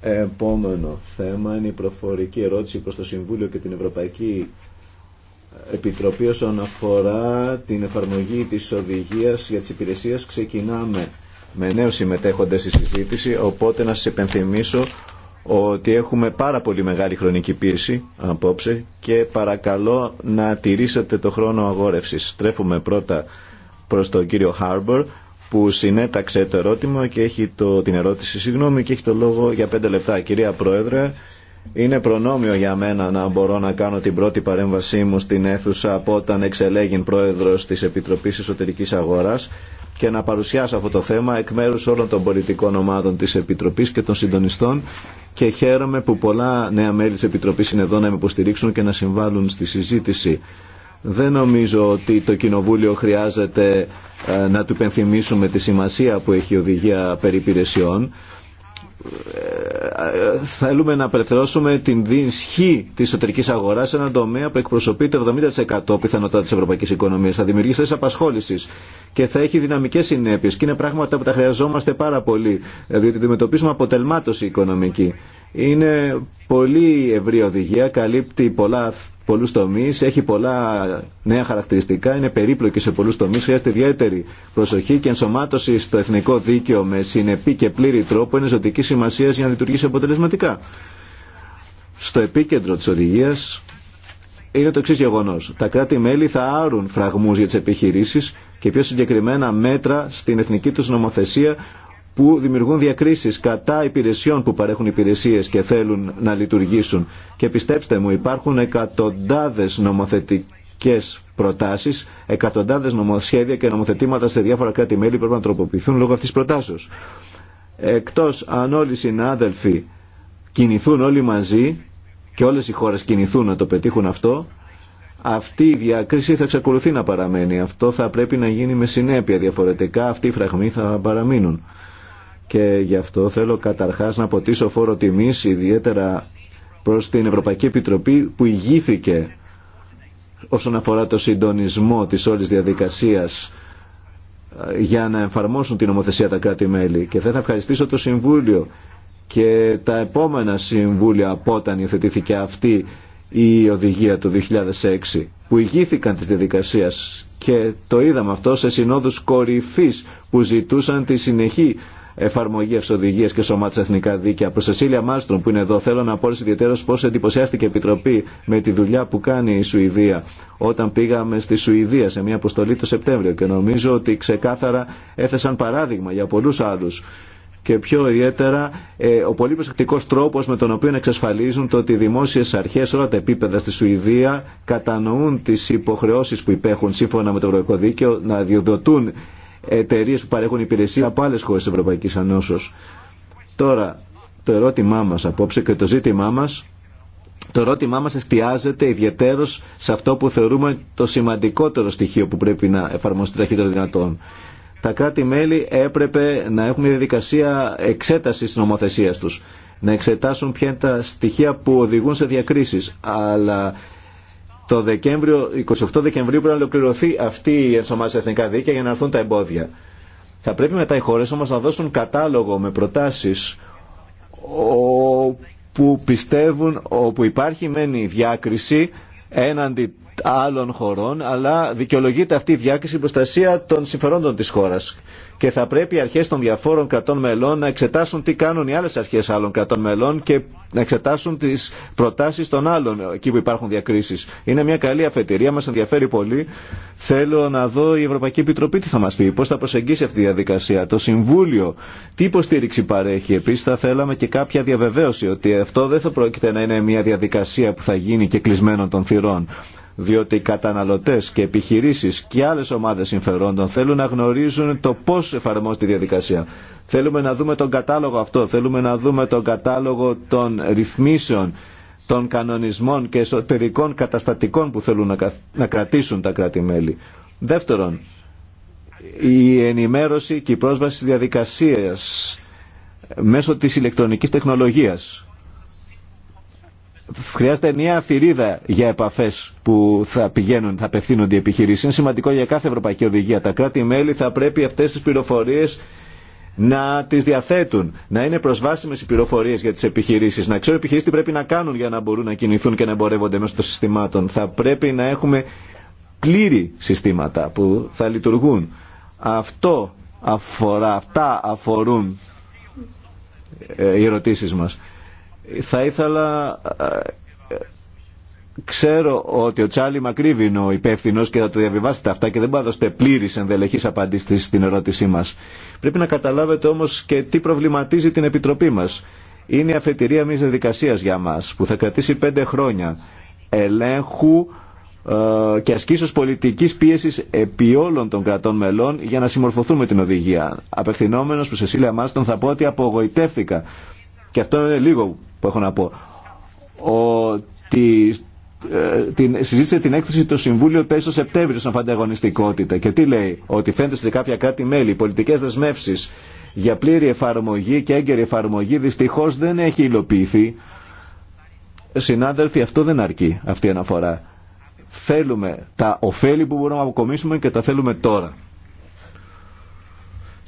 Επόμενο θέμα είναι η προφορική ερώτηση προς το Συμβούλιο και την Ευρωπαϊκή Επιτροπή όσον αφορά την εφαρμογή της οδηγίας για τις υπηρεσίες. Ξεκινάμε με νέους συμμετέχοντες στη συζήτηση, οπότε να σας επενθυμίσω ότι έχουμε πάρα πολύ μεγάλη χρονική πίεση απόψε και παρακαλώ να τηρήσετε το χρόνο αγόρευσης. Στρέφουμε πρώτα προς τον κύριο Χάρμπορ που συνέταξε το ερώτημα και έχει το, την ερώτηση συγγνώμη και έχει το λόγο για πέντε λεπτά. Κυρία Πρόεδρε, είναι προνόμιο για μένα να μπορώ να κάνω την πρώτη παρέμβασή μου στην αίθουσα από όταν εξελέγει πρόεδρος της Επιτροπής Εσωτερικής Αγοράς και να παρουσιάσω αυτό το θέμα εκ μέρους όλων των πολιτικών ομάδων της Επιτροπής και των συντονιστών και χαίρομαι που πολλά νέα μέλη της Επιτροπής είναι εδώ να με υποστηρίξουν και να συμβάλλουν στη συζήτηση. Δεν νομίζω ότι το Κοινοβούλιο χρειάζεται ε, να του υπενθυμίσουμε τη σημασία που έχει η οδηγία περί υπηρεσιών. Ε, ε, θέλουμε να απελευθερώσουμε την δύσχη τη εσωτερική αγορά σε έναν τομέα που εκπροσωπεί το 70% πιθανότητα τη ευρωπαϊκή οικονομία. Θα δημιουργήσει θέσει απασχόληση και θα έχει δυναμικέ συνέπειε. Και είναι πράγματα που τα χρειαζόμαστε πάρα πολύ, διότι αντιμετωπίζουμε αποτελμάτωση οικονομική. Είναι πολύ ευρύ οδηγία, καλύπτει πολλά έχει πολλά νέα χαρακτηριστικά, είναι περίπλοκη σε πολλού τομεί. χρειάζεται ιδιαίτερη προσοχή και ενσωμάτωση στο εθνικό δίκαιο με συνεπή και πλήρη τρόπο είναι ζωτική σημασία για να λειτουργήσει αποτελεσματικά. Στο επίκεντρο της οδηγία είναι το εξή γεγονό. Τα κράτη-μέλη θα άρουν φραγμού για τι επιχειρήσει και πιο συγκεκριμένα μέτρα στην εθνική του νομοθεσία που δημιουργούν διακρίσεις κατά υπηρεσιών που παρέχουν υπηρεσίες και θέλουν να λειτουργήσουν. Και πιστέψτε μου, υπάρχουν εκατοντάδες νομοθετικές προτάσεις, εκατοντάδες νομοσχέδια και νομοθετήματα σε διάφορα κράτη-μέλη πρέπει να τροποποιηθούν λόγω αυτής της προτάσεως. Εκτός αν όλοι οι συνάδελφοι κινηθούν όλοι μαζί και όλες οι χώρες κινηθούν να το πετύχουν αυτό, αυτή η διακρίση θα εξακολουθεί να παραμένει. Αυτό θα πρέπει να γίνει με συνέπεια. Διαφορετικά αυτοί οι φραγμοί θα παραμείνουν. Και γι' αυτό θέλω καταρχάς να ποτίσω φόρο τιμής ιδιαίτερα προς την Ευρωπαϊκή Επιτροπή που ηγήθηκε όσον αφορά το συντονισμό της όλης διαδικασίας ε, για να εφαρμόσουν την ομοθέσια τα κράτη-μέλη. Και να ευχαριστήσω το Συμβούλιο και τα επόμενα Συμβούλια από όταν υιοθετήθηκε αυτή η οδηγία του 2006 που ηγήθηκαν της διαδικασίας και το είδαμε αυτό σε συνόδους κορυφής που ζητούσαν τη συνεχή εφαρμογή ευσοδηγίε και σωμάτου εθνικά δίκαια. Προ Σεσίλια Μάλστρομ που είναι εδώ, θέλω να πω ιδιαίτερω πώ εντυπωσιάστηκε η Επιτροπή με τη δουλειά που κάνει η Σουηδία όταν πήγαμε στη Σουηδία σε μια αποστολή το Σεπτέμβριο και νομίζω ότι ξεκάθαρα έθεσαν παράδειγμα για πολλού άλλου και πιο ιδιαίτερα ε, ο πολύ προσεκτικό τρόπο με τον οποίο εξασφαλίζουν το ότι οι δημόσιε αρχέ, όλα τα επίπεδα στη Σουηδία, κατανοούν τι υποχρεώσει που υπέχουν σύμφωνα με το Ευρωπαϊκό Δίκαιο να διοδοτούν εταιρείε που παρέχουν υπηρεσία από άλλε χώρε τη Ευρωπαϊκή Ανώσεω. Τώρα, το ερώτημά μα απόψε και το ζήτημά μα. Το ερώτημά μας εστιάζεται ιδιαίτερο σε αυτό που θεωρούμε το σημαντικότερο στοιχείο που πρέπει να εφαρμοστεί ταχύτερα δυνατόν. Τα κράτη-μέλη έπρεπε να έχουν μια διαδικασία εξέταση τη νομοθεσία του. Να εξετάσουν ποια είναι τα στοιχεία που οδηγούν σε διακρίσει. Αλλά το Δεκέμβριο, 28 Δεκεμβρίου πρέπει να ολοκληρωθεί αυτή η ενσωμάτωση εθνικά δίκαια για να έρθουν τα εμπόδια. Θα πρέπει μετά οι χώρε όμω να δώσουν κατάλογο με προτάσει όπου πιστεύουν, όπου υπάρχει μένει διάκριση έναντι άλλων χωρών, αλλά δικαιολογείται αυτή η διάκριση προστασία των συμφερόντων της χώρας. Και θα πρέπει οι αρχές των διαφόρων κρατών μελών να εξετάσουν τι κάνουν οι άλλες αρχές άλλων κρατών μελών και να εξετάσουν τις προτάσεις των άλλων εκεί που υπάρχουν διακρίσεις. Είναι μια καλή αφετηρία, μας ενδιαφέρει πολύ. Θέλω να δω η Ευρωπαϊκή Επιτροπή τι θα μας πει, πώς θα προσεγγίσει αυτή η διαδικασία, το Συμβούλιο, τι υποστήριξη παρέχει. επίση θα θέλαμε και κάποια διαβεβαίωση ότι αυτό δεν θα πρόκειται να είναι μια διαδικασία που θα γίνει και κλεισμένων των θυρών διότι οι καταναλωτές και επιχειρήσεις και άλλες ομάδες συμφερόντων θέλουν να γνωρίζουν το πώς εφαρμόζεται η διαδικασία. Θέλουμε να δούμε τον κατάλογο αυτό, θέλουμε να δούμε τον κατάλογο των ρυθμίσεων, των κανονισμών και εσωτερικών καταστατικών που θέλουν να κρατήσουν τα κράτη-μέλη. Δεύτερον, η ενημέρωση και η πρόσβαση της διαδικασίας μέσω της ηλεκτρονικής τεχνολογίας χρειάζεται μια θηρίδα για επαφέ που θα πηγαίνουν, θα απευθύνονται οι επιχειρήσει. Είναι σημαντικό για κάθε ευρωπαϊκή οδηγία. Τα κράτη-μέλη θα πρέπει αυτέ τι πληροφορίε να τι διαθέτουν, να είναι προσβάσιμε οι πληροφορίε για τι επιχειρήσει, να ξέρουν οι επιχειρήσει τι πρέπει να κάνουν για να μπορούν να κινηθούν και να εμπορεύονται μέσω των συστημάτων. Θα πρέπει να έχουμε πλήρη συστήματα που θα λειτουργούν. Αυτό αφορά, αυτά αφορούν ε, οι ερωτήσεις μας. Θα ήθελα... Ε, ξέρω ότι ο Τσάλι Μακρύβι ο υπεύθυνο και θα το διαβιβάσετε αυτά και δεν μπορείτε να δώσετε πλήρη ενδελεχή απάντηση στην ερώτησή μα. Πρέπει να καταλάβετε όμω και τι προβληματίζει την Επιτροπή μα. Είναι η αφετηρία μια διαδικασία για μα που θα κρατήσει πέντε χρόνια ελέγχου ε, και ασκήσεω πολιτική πίεση επί όλων των κρατών μελών για να συμμορφωθούμε την οδηγία. Απευθυνόμενο προ Σεσίλια Μάστον θα πω ότι απογοητεύτηκα και αυτό είναι λίγο που έχω να πω, ότι ε, την, συζήτησε την έκθεση του Συμβούλιο πέρυσι το Σεπτέμβριο στον φανταγωνιστικότητα. και τι λέει, ότι φαίνεται σε κάποια κράτη-μέλη οι πολιτικές δεσμεύσεις για πλήρη εφαρμογή και έγκαιρη εφαρμογή δυστυχώς δεν έχει υλοποιηθεί. Συνάδελφοι, αυτό δεν αρκεί αυτή η αναφορά. Θέλουμε τα ωφέλη που μπορούμε να αποκομίσουμε και τα θέλουμε τώρα.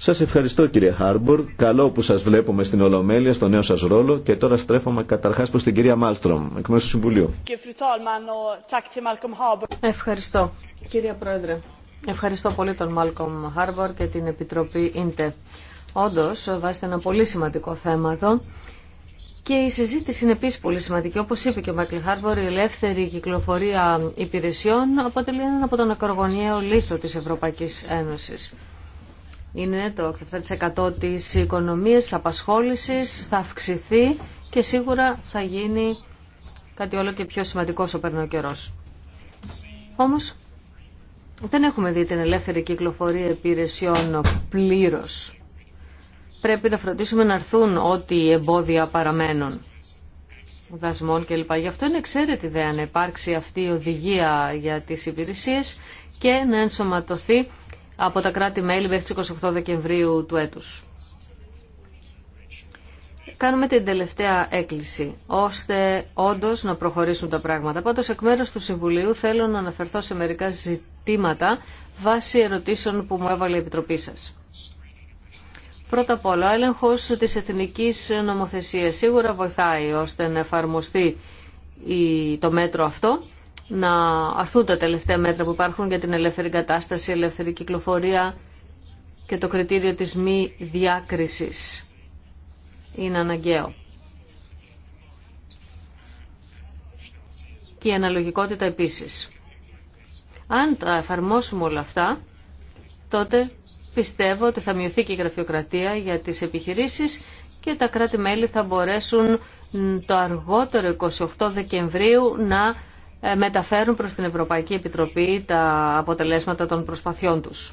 Σας ευχαριστώ κύριε Χάρμπορ. Καλό που σας βλέπουμε στην Ολομέλεια, στο νέο σας ρόλο και τώρα στρέφομαι καταρχάς προς την κυρία Μάλστρομ, εκ μέρους του Συμβουλίου. Ευχαριστώ κύριε Πρόεδρε. Ευχαριστώ πολύ τον Μάλκομ Χάρμπορ και την Επιτροπή Ίντε. Όντως βάζετε ένα πολύ σημαντικό θέμα εδώ. Και η συζήτηση είναι επίση πολύ σημαντική. Όπω είπε και ο Μάικλ Χάρμπορ, η ελεύθερη κυκλοφορία υπηρεσιών αποτελεί έναν από τον ακρογωνιαίο λίθο τη Ευρωπαϊκή Ένωση είναι το 80% της οικονομίας απασχόλησης, θα αυξηθεί και σίγουρα θα γίνει κάτι όλο και πιο σημαντικό όσο περνάει ο καιρός. Όμως δεν έχουμε δει την ελεύθερη κυκλοφορία υπηρεσιών πλήρως. Πρέπει να φροντίσουμε να έρθουν ό,τι εμπόδια παραμένουν. Δασμών κλπ. Γι' αυτό είναι εξαίρετη ιδέα να υπάρξει αυτή η οδηγία για τις υπηρεσίες και να ενσωματωθεί από τα κράτη-μέλη μέχρι τις 28 Δεκεμβρίου του έτους. Κάνουμε την τελευταία έκκληση, ώστε όντως να προχωρήσουν τα πράγματα. Πάντως, εκ μέρους του Συμβουλίου θέλω να αναφερθώ σε μερικά ζητήματα βάσει ερωτήσεων που μου έβαλε η Επιτροπή σας. Πρώτα απ' όλα, ο έλεγχος της εθνικής νομοθεσίας σίγουρα βοηθάει ώστε να εφαρμοστεί το μέτρο αυτό να αρθούν τα τελευταία μέτρα που υπάρχουν για την ελεύθερη κατάσταση, ελεύθερη κυκλοφορία και το κριτήριο της μη διάκρισης. Είναι αναγκαίο. Και η αναλογικότητα επίσης. Αν τα εφαρμόσουμε όλα αυτά, τότε πιστεύω ότι θα μειωθεί και η γραφειοκρατία για τις επιχειρήσεις και τα κράτη-μέλη θα μπορέσουν το αργότερο 28 Δεκεμβρίου να ε, μεταφέρουν προς την Ευρωπαϊκή Επιτροπή τα αποτελέσματα των προσπαθειών τους.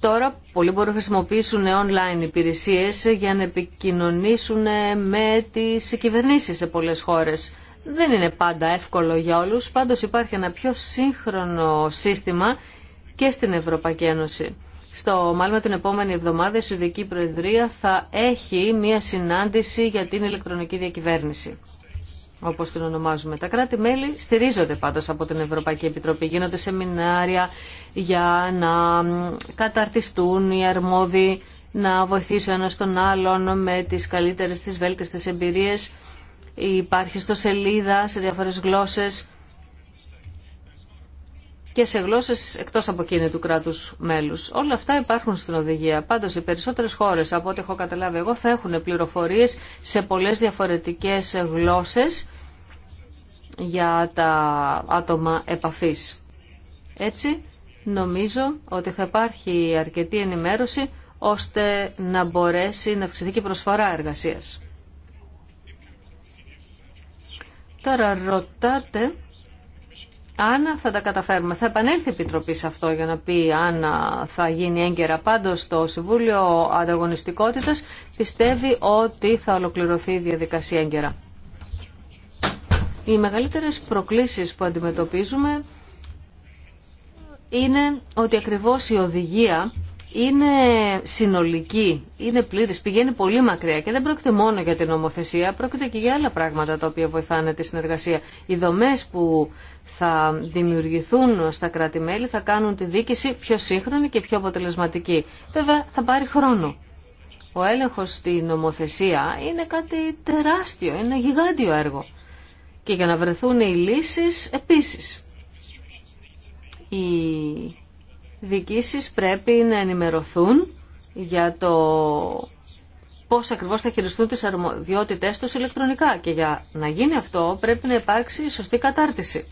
Τώρα πολλοί μπορούν να χρησιμοποιήσουν online υπηρεσίες για να επικοινωνήσουν με τις κυβερνήσεις σε πολλές χώρες. Δεν είναι πάντα εύκολο για όλους, πάντως υπάρχει ένα πιο σύγχρονο σύστημα και στην Ευρωπαϊκή Ένωση. Στο μάλλον την επόμενη εβδομάδα η Σουηδική Προεδρία θα έχει μία συνάντηση για την ηλεκτρονική διακυβέρνηση όπω την ονομάζουμε. Τα κράτη-μέλη στηρίζονται πάντως από την Ευρωπαϊκή Επιτροπή. Γίνονται σεμινάρια για να καταρτιστούν οι αρμόδιοι, να βοηθήσουν ένα τον άλλον με τις καλύτερες, τις βέλτιστες εμπειρίε, Υπάρχει στο σελίδα σε διάφορε γλώσσε και σε γλώσσες εκτός από εκείνη του κράτους μέλους. Όλα αυτά υπάρχουν στην οδηγία. Πάντω οι περισσότερες χώρες, από ό,τι έχω καταλάβει εγώ, θα έχουν πληροφορίες σε πολλές διαφορετικές γλώσσες για τα άτομα επαφής. Έτσι, νομίζω ότι θα υπάρχει αρκετή ενημέρωση ώστε να μπορέσει να αυξηθεί και η προσφορά εργασίας. Τώρα ρωτάτε αν θα τα καταφέρουμε. Θα επανέλθει η Επιτροπή σε αυτό για να πει αν θα γίνει έγκαιρα. Πάντως το Συμβούλιο Ανταγωνιστικότητας πιστεύει ότι θα ολοκληρωθεί η διαδικασία έγκαιρα. Οι μεγαλύτερες προκλήσεις που αντιμετωπίζουμε είναι ότι ακριβώς η οδηγία είναι συνολική, είναι πλήρης, πηγαίνει πολύ μακριά και δεν πρόκειται μόνο για την νομοθεσία, πρόκειται και για άλλα πράγματα τα οποία βοηθάνε τη συνεργασία. Οι δομέ που θα δημιουργηθούν στα κράτη-μέλη θα κάνουν τη δίκηση πιο σύγχρονη και πιο αποτελεσματική. Βέβαια θα πάρει χρόνο. Ο έλεγχος στη νομοθεσία είναι κάτι τεράστιο, είναι ένα γιγάντιο έργο. Και για να βρεθούν οι λύσεις επίσης διοικήσεις πρέπει να ενημερωθούν για το πώς ακριβώς θα χειριστούν τις αρμοδιότητές τους ηλεκτρονικά και για να γίνει αυτό πρέπει να υπάρξει σωστή κατάρτιση.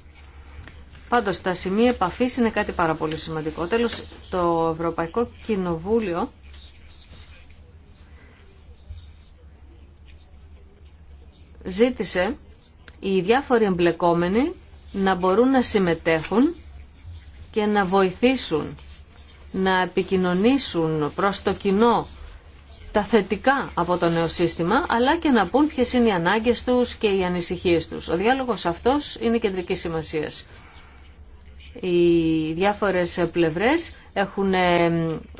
Πάντως τα σημεία επαφή είναι κάτι πάρα πολύ σημαντικό. Τέλος, το Ευρωπαϊκό Κοινοβούλιο ζήτησε οι διάφοροι εμπλεκόμενοι να μπορούν να συμμετέχουν και να βοηθήσουν να επικοινωνήσουν προς το κοινό τα θετικά από το νέο σύστημα, αλλά και να πούν ποιες είναι οι ανάγκες τους και οι ανησυχίες τους. Ο διάλογος αυτός είναι κεντρική σημασίας. Οι διάφορες πλευρές έχουν ε,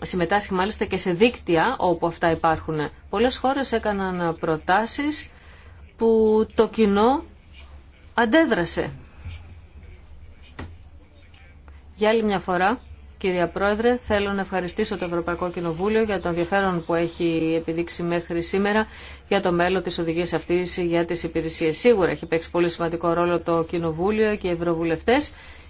συμμετάσχει μάλιστα και σε δίκτυα όπου αυτά υπάρχουν. Πολλές χώρες έκαναν προτάσεις που το κοινό αντέδρασε για άλλη μια φορά, κυρία Πρόεδρε, θέλω να ευχαριστήσω το Ευρωπαϊκό Κοινοβούλιο για το ενδιαφέρον που έχει επιδείξει μέχρι σήμερα για το μέλλον τη οδηγίας αυτή για τι υπηρεσίε. Σίγουρα έχει παίξει πολύ σημαντικό ρόλο το Κοινοβούλιο και οι ευρωβουλευτέ,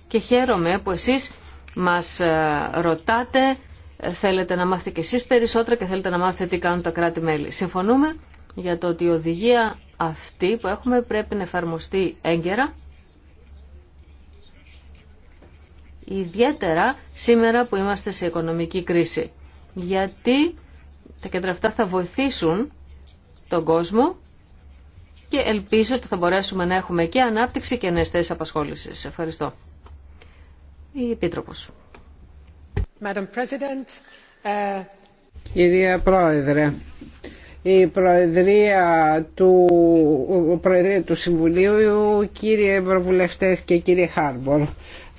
και χαίρομαι που εσεί μα ε, ρωτάτε, ε, θέλετε να μάθετε και εσείς περισσότερα και θέλετε να μάθετε τι κάνουν τα κράτη-μέλη. Συμφωνούμε για το ότι η οδηγία αυτή που έχουμε πρέπει να εφαρμοστεί έγκαιρα ιδιαίτερα σήμερα που είμαστε σε οικονομική κρίση. Γιατί τα κέντρα αυτά θα βοηθήσουν τον κόσμο και ελπίζω ότι θα μπορέσουμε να έχουμε και ανάπτυξη και νέες θέσεις απασχόλησης. Ευχαριστώ. Η Επίτροπος. Ε, Κυρία Πρόεδρε, η Προεδρία του, Προεδρία του Συμβουλίου, κύριε Ευρωβουλευτές και κύριε Χάρμπορ.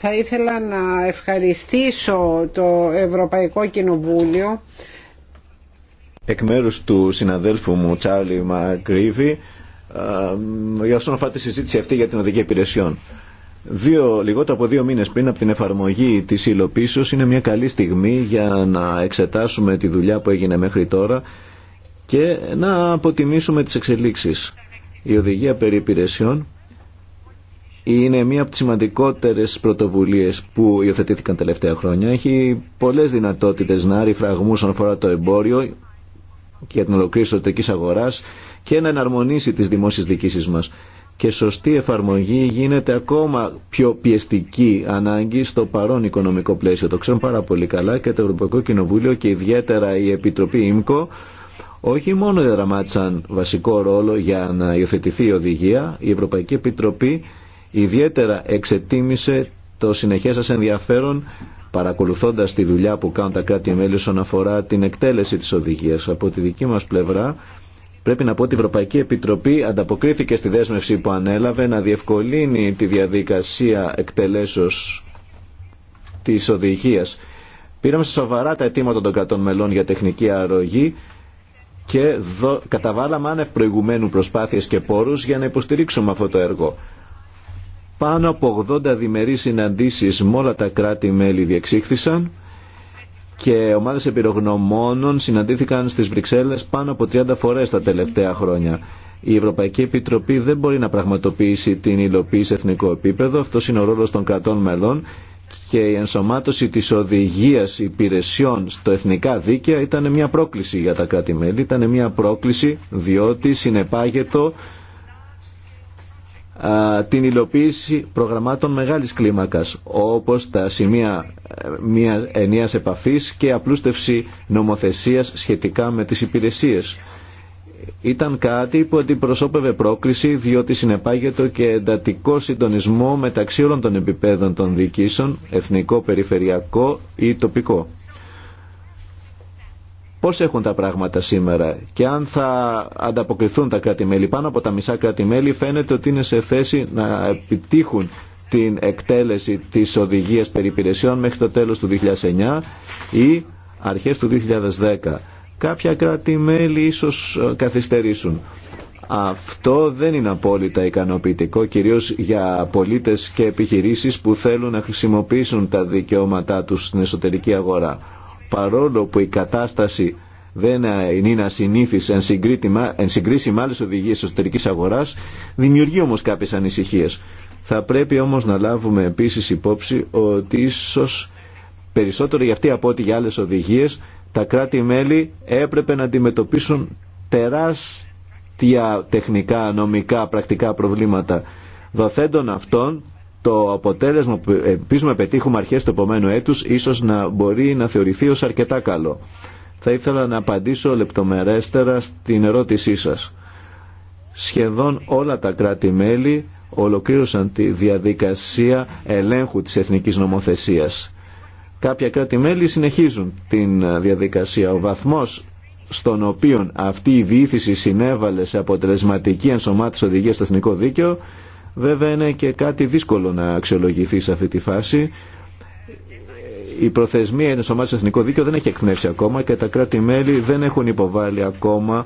Θα ήθελα να ευχαριστήσω το Ευρωπαϊκό Κοινοβούλιο εκ μέρους του συναδέλφου μου Τσάρλι Μαγκρίβη για όσον αφορά τη συζήτηση αυτή για την οδηγία υπηρεσιών. Δύο, λιγότερο από δύο μήνες πριν από την εφαρμογή της υλοποίησης είναι μια καλή στιγμή για να εξετάσουμε τη δουλειά που έγινε μέχρι τώρα και να αποτιμήσουμε τις εξελίξεις. Η οδηγία περί υπηρεσιών είναι μία από τις σημαντικότερες πρωτοβουλίες που υιοθετήθηκαν τελευταία χρόνια. Έχει πολλές δυνατότητες να άρει φραγμού όσον αφορά το εμπόριο και την ολοκλήρωση της αγοράς και να εναρμονίσει τις δημόσιες διοικήσεις μας. Και σωστή εφαρμογή γίνεται ακόμα πιο πιεστική ανάγκη στο παρόν οικονομικό πλαίσιο. Το ξέρουν πάρα πολύ καλά και το Ευρωπαϊκό Κοινοβούλιο και ιδιαίτερα η Επιτροπή ΙΜΚΟ όχι μόνο δραμάτισαν βασικό ρόλο για να υιοθετηθεί η οδηγία, η Ευρωπαϊκή Επιτροπή Ιδιαίτερα εξετίμησε το συνεχές σας ενδιαφέρον παρακολουθώντας τη δουλειά που κάνουν τα κράτη-μέλη όσον αφορά την εκτέλεση της οδηγίας. Από τη δική μας πλευρά πρέπει να πω ότι η Ευρωπαϊκή Επιτροπή ανταποκρίθηκε στη δέσμευση που ανέλαβε να διευκολύνει τη διαδικασία εκτελέσεως της οδηγίας. Πήραμε σοβαρά τα αιτήματα των κρατών μελών για τεχνική αρρωγή και καταβάλαμε άνευ προηγουμένου προσπάθειες και πόρους για να υποστηρίξουμε αυτό το έργο. Πάνω από 80 διμερείς συναντήσεις με όλα τα κράτη-μέλη διεξήχθησαν και ομάδες επιρρογνωμόνων συναντήθηκαν στις Βρυξέλλες πάνω από 30 φορές τα τελευταία χρόνια. Η Ευρωπαϊκή Επιτροπή δεν μπορεί να πραγματοποιήσει την υλοποίηση εθνικό επίπεδο, αυτό είναι ο ρόλος των κρατών μελών και η ενσωμάτωση της οδηγίας υπηρεσιών στο εθνικά δίκαια ήταν μια πρόκληση για τα κράτη-μέλη, ήταν μια πρόκληση διότι συνεπάγεται την υλοποίηση προγραμμάτων μεγάλης κλίμακας όπως τα σημεία ε, μια ενίας επαφής και απλούστευση νομοθεσίας σχετικά με τις υπηρεσίες. Ήταν κάτι που αντιπροσώπευε πρόκληση διότι συνεπάγεται και εντατικό συντονισμό μεταξύ όλων των επιπέδων των διοικήσεων, εθνικό, περιφερειακό ή τοπικό πώς έχουν τα πράγματα σήμερα και αν θα ανταποκριθούν τα κράτη-μέλη. Πάνω από τα μισά κράτη-μέλη φαίνεται ότι είναι σε θέση να επιτύχουν την εκτέλεση της οδηγίας περιπηρεσιών μέχρι το τέλος του 2009 ή αρχές του 2010. Κάποια κράτη-μέλη ίσως ε, καθυστερήσουν. Αυτό δεν είναι απόλυτα ικανοποιητικό, κυρίως για πολίτες και επιχειρήσεις που θέλουν να χρησιμοποιήσουν τα δικαιώματά τους στην εσωτερική αγορά παρόλο που η κατάσταση δεν είναι ασυνήθις εν, εν συγκρίση με άλλες οδηγίες εσωτερικής αγοράς, δημιουργεί όμως κάποιες ανησυχίες. Θα πρέπει όμως να λάβουμε επίσης υπόψη ότι ίσως περισσότερο για αυτή από ό,τι για άλλες οδηγίες τα κράτη-μέλη έπρεπε να αντιμετωπίσουν τεράστια τεχνικά, νομικά, πρακτικά προβλήματα. Δοθέντων αυτών το αποτέλεσμα που ελπίζουμε πετύχουμε αρχές του επόμενου έτους ίσως να μπορεί να θεωρηθεί ως αρκετά καλό. Θα ήθελα να απαντήσω λεπτομερέστερα στην ερώτησή σας. Σχεδόν όλα τα κράτη-μέλη ολοκλήρωσαν τη διαδικασία ελέγχου της εθνικής νομοθεσίας. Κάποια κράτη-μέλη συνεχίζουν την διαδικασία. Ο βαθμός στον οποίο αυτή η διήθηση συνέβαλε σε αποτελεσματική ενσωμάτωση οδηγία στο εθνικό δίκαιο Βέβαια είναι και κάτι δύσκολο να αξιολογηθεί σε αυτή τη φάση. Η προθεσμία είναι στο εθνικό δίκαιο δεν έχει εκπνεύσει ακόμα και τα κράτη-μέλη δεν έχουν υποβάλει ακόμα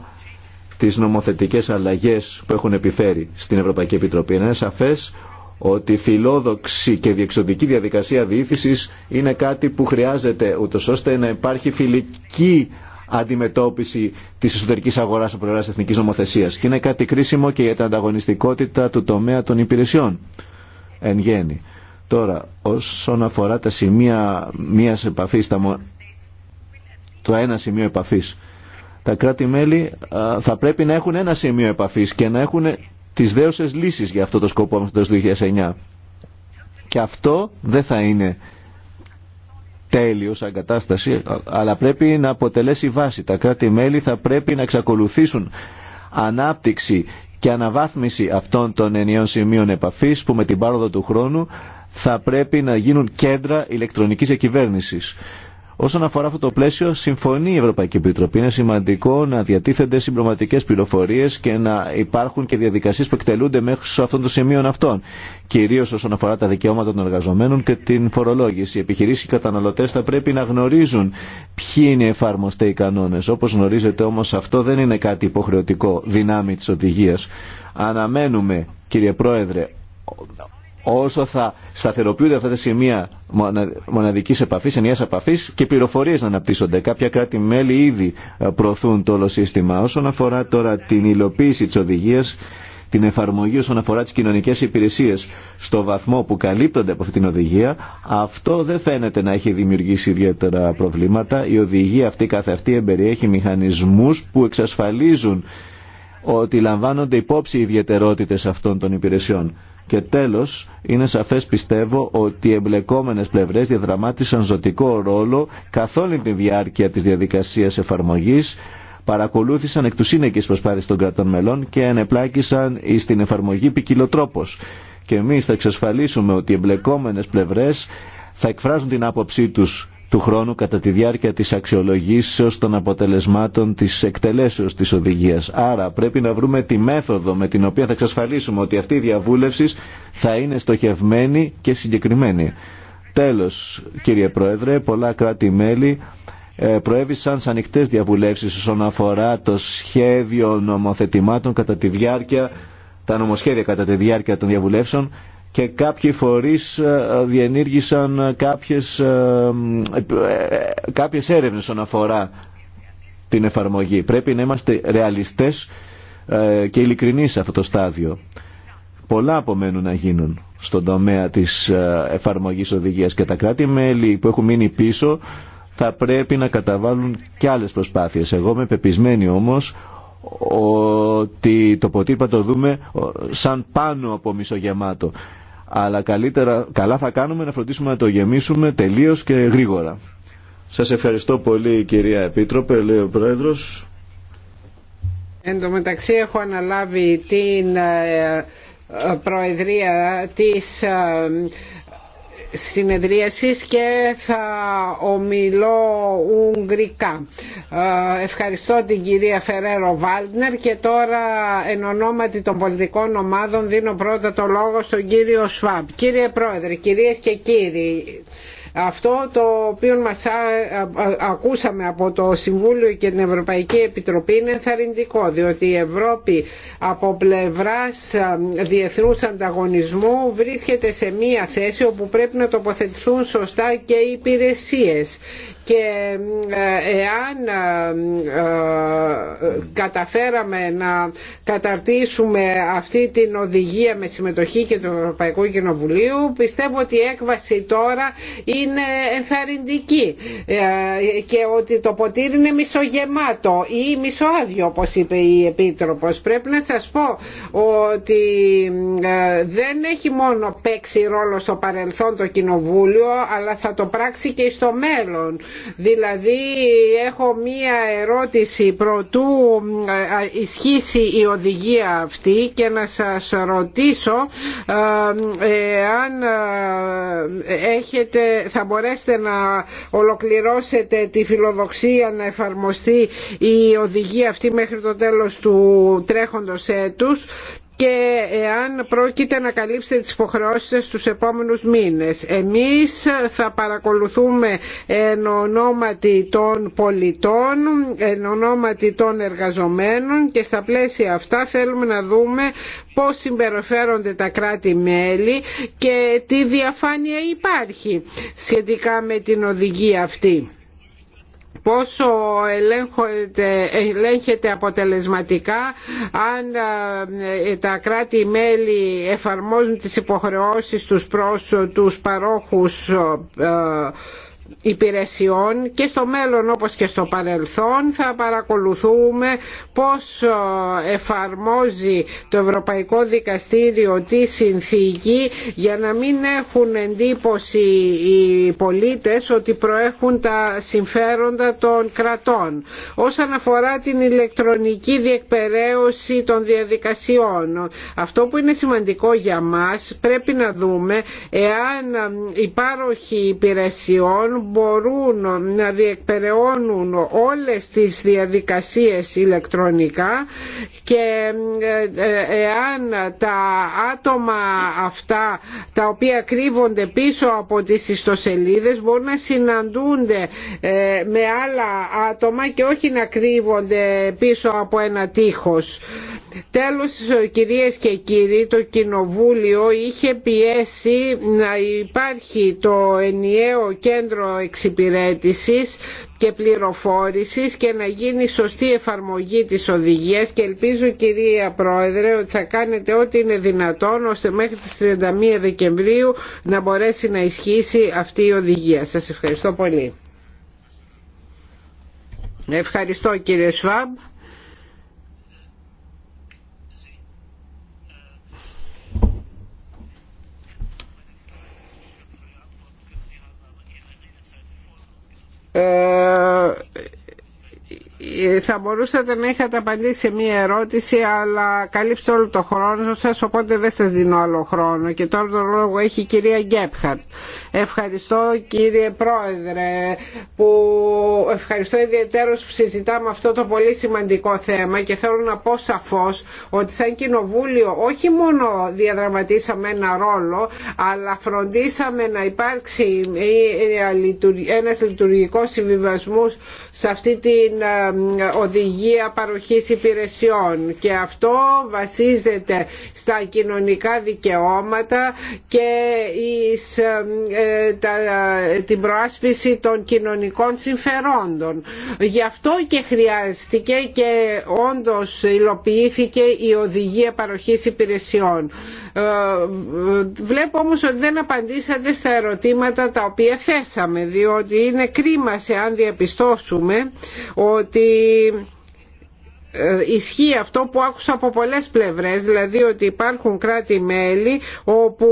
τι νομοθετικέ αλλαγέ που έχουν επιφέρει στην Ευρωπαϊκή Επιτροπή. Είναι σαφές ότι φιλόδοξη και διεξοδική διαδικασία διήθησης είναι κάτι που χρειάζεται ούτω ώστε να υπάρχει φιλική αντιμετώπιση τη εσωτερική αγορά από πλευρά εθνική νομοθεσία. Και είναι κάτι κρίσιμο και για την ανταγωνιστικότητα του τομέα των υπηρεσιών εν γέννη. Τώρα, όσον αφορά τα σημεία μια επαφή, το ένα σημείο επαφή, τα κράτη-μέλη θα πρέπει να έχουν ένα σημείο επαφής και να έχουν τι δέωσες λύσει για αυτό το σκοπό μέχρι το 2009. Και αυτό δεν θα είναι τέλειο σαν κατάσταση, αλλά πρέπει να αποτελέσει βάση. Τα κράτη-μέλη θα πρέπει να εξακολουθήσουν ανάπτυξη και αναβάθμιση αυτών των ενιαίων σημείων επαφής που με την πάροδο του χρόνου θα πρέπει να γίνουν κέντρα ηλεκτρονικής εκυβέρνησης. Όσον αφορά αυτό το πλαίσιο, συμφωνεί η Ευρωπαϊκή Επιτροπή. Είναι σημαντικό να διατίθενται συμπληρωματικέ πληροφορίε και να υπάρχουν και διαδικασίε που εκτελούνται μέχρι σε αυτών των σημείων αυτών. Κυρίω όσον αφορά τα δικαιώματα των εργαζομένων και την φορολόγηση. Οι επιχειρήσει και οι καταναλωτέ θα πρέπει να γνωρίζουν ποιοι είναι οι εφαρμοστέ οι κανόνε. Όπω γνωρίζετε όμω, αυτό δεν είναι κάτι υποχρεωτικό δυνάμει τη οδηγία. Αναμένουμε, κύριε Πρόεδρε, όσο θα σταθεροποιούνται αυτά τα σημεία μοναδικής επαφή, ενιαίας επαφής και πληροφορίες να αναπτύσσονται. Κάποια κράτη-μέλη ήδη ε, προωθούν το όλο σύστημα. Όσον αφορά τώρα την υλοποίηση της οδηγίας, την εφαρμογή όσον αφορά τις κοινωνικές υπηρεσίες στο βαθμό που καλύπτονται από αυτή την οδηγία, αυτό δεν φαίνεται να έχει δημιουργήσει ιδιαίτερα προβλήματα. Η οδηγία αυτή καθ' αυτή εμπεριέχει μηχανισμούς που εξασφαλίζουν ότι λαμβάνονται υπόψη οι ιδιαιτερότητες αυτών των υπηρεσιών. Και τέλος, είναι σαφές πιστεύω ότι οι εμπλεκόμενες πλευρές διαδραμάτισαν ζωτικό ρόλο καθ' όλη τη διάρκεια της διαδικασίας εφαρμογής, παρακολούθησαν εκ του σύνεκης προσπάθειες των κρατών μελών και ενεπλάκησαν στην εφαρμογή ποικιλοτρόπως. Και εμείς θα εξασφαλίσουμε ότι οι εμπλεκόμενες πλευρές θα εκφράζουν την άποψή τους του χρόνου κατά τη διάρκεια της αξιολογήσεως των αποτελεσμάτων της εκτελέσεως της οδηγίας. Άρα πρέπει να βρούμε τη μέθοδο με την οποία θα εξασφαλίσουμε ότι αυτή η διαβούλευση θα είναι στοχευμένη και συγκεκριμένη. Τέλος, κύριε Πρόεδρε, πολλά κράτη-μέλη ε, προέβησαν σαν ανοιχτέ διαβουλεύσεις όσον αφορά το σχέδιο νομοθετημάτων κατά τη διάρκεια τα νομοσχέδια κατά τη διάρκεια των διαβουλεύσεων και κάποιοι φορείς ε, διενήργησαν κάποιες, ε, ε, κάποιες έρευνες όσον αφορά την εφαρμογή. Πρέπει να είμαστε ρεαλιστές και ειλικρινείς σε αυτό το στάδιο. Πολλά απομένουν να γίνουν στον τομέα της εφαρμογής οδηγίας και τα κράτη-μέλη που έχουν μείνει πίσω θα πρέπει να καταβάλουν και άλλες προσπάθειες. Εγώ είμαι πεπισμένη όμως ότι το ποτήρι το δούμε σαν πάνω από μισογεμάτο αλλά καλύτερα, καλά θα κάνουμε να φροντίσουμε να το γεμίσουμε τελείως και γρήγορα. Σας ευχαριστώ πολύ κυρία Επίτροπε, λέει ο Πρόεδρος. Εν τω μεταξύ έχω αναλάβει την ε, ε, Προεδρία της ε, συνεδρίασης και θα ομιλώ ουγγρικά. Ε, ευχαριστώ την κυρία Φερέρο Βάλτνερ και τώρα εν ονόματι των πολιτικών ομάδων δίνω πρώτα το λόγο στον κύριο Σφάμπ. Κύριε Πρόεδρε, κυρίες και κύριοι, αυτό το οποίο μας ακούσαμε από το Συμβούλιο και την Ευρωπαϊκή Επιτροπή είναι ενθαρρυντικό διότι η Ευρώπη από πλευράς διεθνούς ανταγωνισμού βρίσκεται σε μία θέση όπου πρέπει να τοποθετηθούν σωστά και οι υπηρεσίες και ε, εάν ε, καταφέραμε να καταρτήσουμε αυτή την οδηγία με συμμετοχή και του Ευρωπαϊκού Κοινοβουλίου πιστεύω ότι η έκβαση τώρα είναι ενθαρρυντική ε, και ότι το ποτήρι είναι μισογεμάτο ή μισοάδιο όπως είπε η Επίτροπος. Πρέπει να σας πω ότι ε, δεν έχει μόνο παίξει ρόλο στο παρελθόν το Κοινοβούλιο αλλά θα το πράξει και στο μέλλον. Δηλαδή έχω μία ερώτηση προτού ε, ισχύσει η οδηγία αυτή και να σας ρωτήσω αν έχετε, θα μπορέσετε να ολοκληρώσετε τη φιλοδοξία να εφαρμοστεί η οδηγία αυτή μέχρι το τέλος του τρέχοντος έτους και εάν πρόκειται να καλύψετε τις υποχρεώσεις στους επόμενους μήνες. Εμείς θα παρακολουθούμε εν ονόματι των πολιτών, εν ονόματι των εργαζομένων και στα πλαίσια αυτά θέλουμε να δούμε πώς συμπεριφέρονται τα κράτη-μέλη και τι διαφάνεια υπάρχει σχετικά με την οδηγία αυτή πόσο ελέγχεται, ελέγχεται αποτελεσματικά αν ε, τα κράτη-μέλη εφαρμόζουν τις υποχρεώσεις τους προς τους παρόχους ε, υπηρεσιών και στο μέλλον όπως και στο παρελθόν θα παρακολουθούμε πώς ε, εφαρμόζει το Ευρωπαϊκό Δικαστήριο τη συνθήκη για να μην έχουν εντύπωση οι πολίτες ότι προέχουν τα συμφέροντα των κρατών. Όσον αφορά την ηλεκτρονική διεκπαιρέωση των διαδικασιών, αυτό που είναι σημαντικό για μας πρέπει να δούμε εάν ε, οι υπηρεσιών μπορούν να διεκπεραιώνουν όλες τις διαδικασίες ηλεκτρονικά και ε, ε, εάν τα άτομα αυτά τα οποία κρύβονται πίσω από τις ιστοσελίδες μπορούν να συναντούνται ε, με άλλα άτομα και όχι να κρύβονται πίσω από ένα τείχος. Τέλος κυρίες και κύριοι το Κοινοβούλιο είχε πιέσει να υπάρχει το ενιαίο κέντρο εξυπηρέτησης και πληροφόρησης και να γίνει σωστή εφαρμογή της οδηγίας και ελπίζω κυρία Πρόεδρε ότι θα κάνετε ό,τι είναι δυνατόν ώστε μέχρι τις 31 Δεκεμβρίου να μπορέσει να ισχύσει αυτή η οδηγία. Σας ευχαριστώ πολύ. Ευχαριστώ κύριε Σβάμπ. ε θα μπορούσατε να είχατε απαντήσει σε μία ερώτηση αλλά καλύψε όλο το χρόνο σας οπότε δεν σας δίνω άλλο χρόνο και τώρα το λόγο έχει η κυρία Γκέπχαρτ ευχαριστώ κύριε Πρόεδρε που ευχαριστώ ιδιαίτερως που συζητάμε αυτό το πολύ σημαντικό θέμα και θέλω να πω σαφώς ότι σαν κοινοβούλιο όχι μόνο διαδραματίσαμε ένα ρόλο αλλά φροντίσαμε να υπάρξει ένας λειτουργικός συμβιβασμός σε αυτή την οδηγία παροχής υπηρεσιών και αυτό βασίζεται στα κοινωνικά δικαιώματα και ε, την προάσπιση των κοινωνικών συμφερόντων. Γι' αυτό και χρειάστηκε και όντως υλοποιήθηκε η οδηγία παροχής υπηρεσιών. Ε, βλέπω όμως ότι δεν απαντήσατε στα ερωτήματα τα οποία θέσαμε διότι είναι κρίμα σε αν διαπιστώσουμε ότι ε, ισχύει αυτό που άκουσα από πολλές πλευρές δηλαδή ότι υπάρχουν κράτη-μέλη όπου